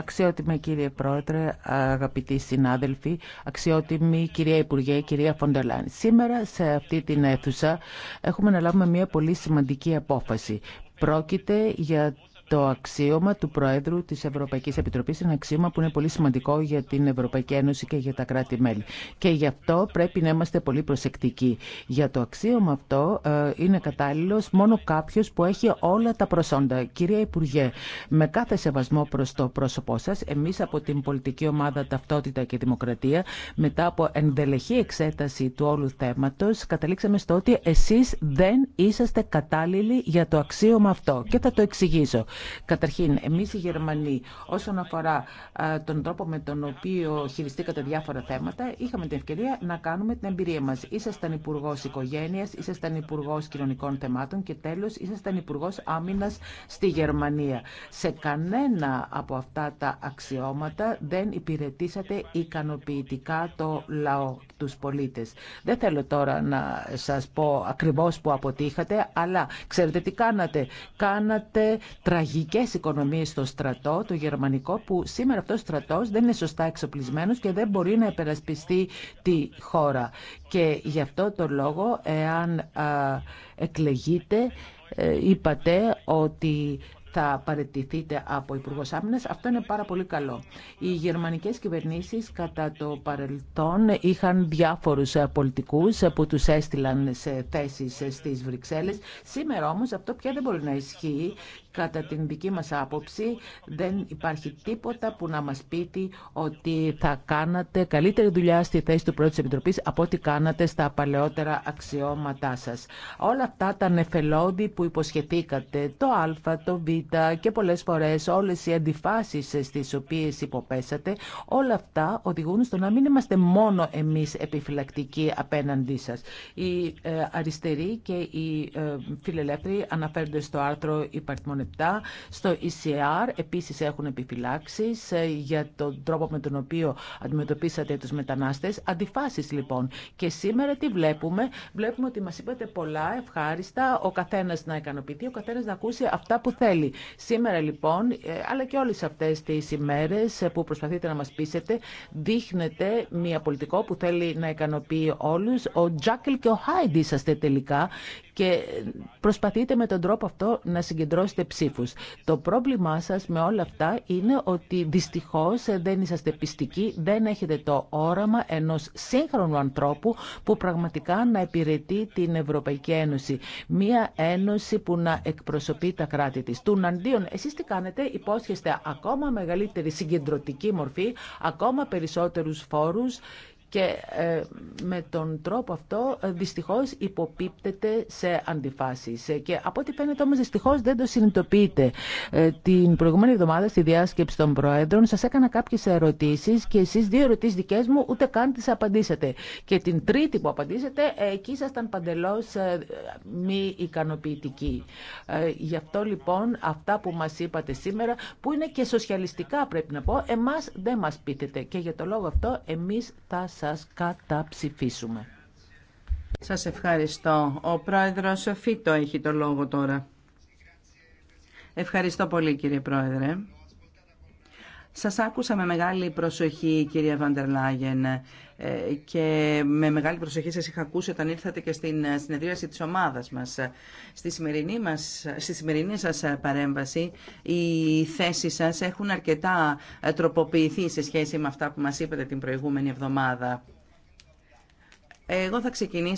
Αξιότιμε κύριε Πρόεδρε, αγαπητοί συνάδελφοι, αξιότιμη κυρία Υπουργέ, κυρία Φοντελάν. Σήμερα σε αυτή την αίθουσα έχουμε να λάβουμε μια πολύ σημαντική απόφαση. Πρόκειται για το αξίωμα του Προέδρου της Ευρωπαϊκής Επιτροπής είναι ένα αξίωμα που είναι πολύ σημαντικό για την Ευρωπαϊκή Ένωση και για τα κράτη-μέλη. Και γι' αυτό πρέπει να είμαστε πολύ προσεκτικοί. Για το αξίωμα αυτό ε, είναι κατάλληλο μόνο κάποιο που έχει όλα τα προσόντα. Κυρία Υπουργέ, με κάθε σεβασμό προ το πρόσωπό σα, εμεί από την πολιτική ομάδα Ταυτότητα και Δημοκρατία, μετά από ενδελεχή εξέταση του όλου θέματο, καταλήξαμε στο ότι εσεί δεν είσαστε κατάλληλοι για το αξίωμα αυτό. Και θα το εξηγήσω. Καταρχήν, εμεί, οι Γερμανοί, όσον αφορά τον τρόπο με τον οποίο χειριστήκατε διάφορα θέματα, είχαμε την ευκαιρία να κάνουμε την εμπειρία μας. Ήσασταν υπουργό Οικογένεια, ήσασταν υπουργό Κοινωνικών Θεμάτων και τέλος ήσασταν υπουργό Άμυνα στη Γερμανία. Σε κανένα από αυτά τα αξιώματα δεν υπηρετήσατε ικανοποιητικά το λαό, του πολίτε. Δεν θέλω τώρα να σα πω ακριβώ που αποτύχατε, αλλά ξέρετε τι κάνατε. Κάνατε στρατηγικές οικονομίε στο στρατό, το γερμανικό, που σήμερα αυτός ο στρατός δεν είναι σωστά εξοπλισμένος και δεν μπορεί να επερασπιστεί τη χώρα. Και γι' αυτό το λόγο, εάν εκλεγείτε, ε, είπατε ότι θα παραιτηθείτε από Υπουργό Άμυνα. Αυτό είναι πάρα πολύ καλό. Οι γερμανικές κυβερνήσεις κατά το παρελθόν είχαν διάφορου ε, πολιτικού ε, που του έστειλαν σε θέσει στι Βρυξέλλες. Σήμερα όμω αυτό πια δεν μπορεί να ισχύει Κατά την δική μας άποψη δεν υπάρχει τίποτα που να μας πείτε ότι θα κάνατε καλύτερη δουλειά στη θέση του πρώτου Επιτροπής από ό,τι κάνατε στα παλαιότερα αξιώματά σας. Όλα αυτά τα νεφελώδη που υποσχεθήκατε, το Α, το Β και πολλές φορές όλες οι αντιφάσεις στις οποίες υποπέσατε, όλα αυτά οδηγούν στο να μην είμαστε μόνο εμείς επιφυλακτικοί απέναντί σας. Οι ε, αριστεροί και οι ε, φιλελεύθεροι αναφέρονται στο άρθρο στο ECR επίσης έχουν επιφυλάξεις ε, για τον τρόπο με τον οποίο αντιμετωπίσατε τους μετανάστες. Αντιφάσεις λοιπόν. Και σήμερα τι βλέπουμε. Βλέπουμε ότι μας είπατε πολλά ευχάριστα, ο καθένας να ικανοποιηθεί, ο καθένας να ακούσει αυτά που θέλει. Σήμερα λοιπόν, ε, αλλά και όλες αυτές τις ημέρες ε, που προσπαθείτε να μας πείσετε, δείχνετε μια πολιτικό που θέλει να ικανοποιεί όλους. Ο Τζάκελ και ο Χάιντ είσαστε τελικά και προσπαθείτε με τον τρόπο αυτό να συγκεντρώσετε ψήφους. Το πρόβλημά σας με όλα αυτά είναι ότι δυστυχώς δεν είσαστε πιστικοί, δεν έχετε το όραμα ενός σύγχρονου ανθρώπου που πραγματικά να υπηρετεί την Ευρωπαϊκή Ένωση. Μία ένωση που να εκπροσωπεί τα κράτη της. Του αντίον, εσείς τι κάνετε, υπόσχεστε ακόμα μεγαλύτερη συγκεντρωτική μορφή, ακόμα περισσότερους φόρους και ε, με τον τρόπο αυτό ε, δυστυχώς υποπίπτεται σε αντιφάσεις ε, και από ό,τι φαίνεται όμως δυστυχώς δεν το συνειδητοποιείτε. την προηγούμενη εβδομάδα στη διάσκεψη των Προέδρων σας έκανα κάποιες ερωτήσεις και εσείς δύο ερωτήσεις δικές μου ούτε καν τις απαντήσατε και την τρίτη που απαντήσατε εκεί ήσασταν παντελώς μη ικανοποιητικοί. γι' αυτό λοιπόν αυτά που μας είπατε σήμερα που είναι και σοσιαλιστικά πρέπει να πω εμάς δεν μας πείτε. και για το λόγο αυτό εμείς θα σας καταψηφίσουμε. Σας ευχαριστώ. Ο πρόεδρος Φίτο έχει το λόγο τώρα. Ευχαριστώ πολύ κύριε πρόεδρε. Σας άκουσα με μεγάλη προσοχή, κυρία Βαντερλάγεν, ε, και με μεγάλη προσοχή σας είχα ακούσει όταν ήρθατε και στην ε, συνεδρίαση της ομάδας μας. Στη σημερινή, μας, στη σημερινή σας ε, παρέμβαση οι θέσεις σας έχουν αρκετά τροποποιηθεί σε σχέση με αυτά που μας είπατε την προηγούμενη εβδομάδα. Εγώ θα ξεκινήσω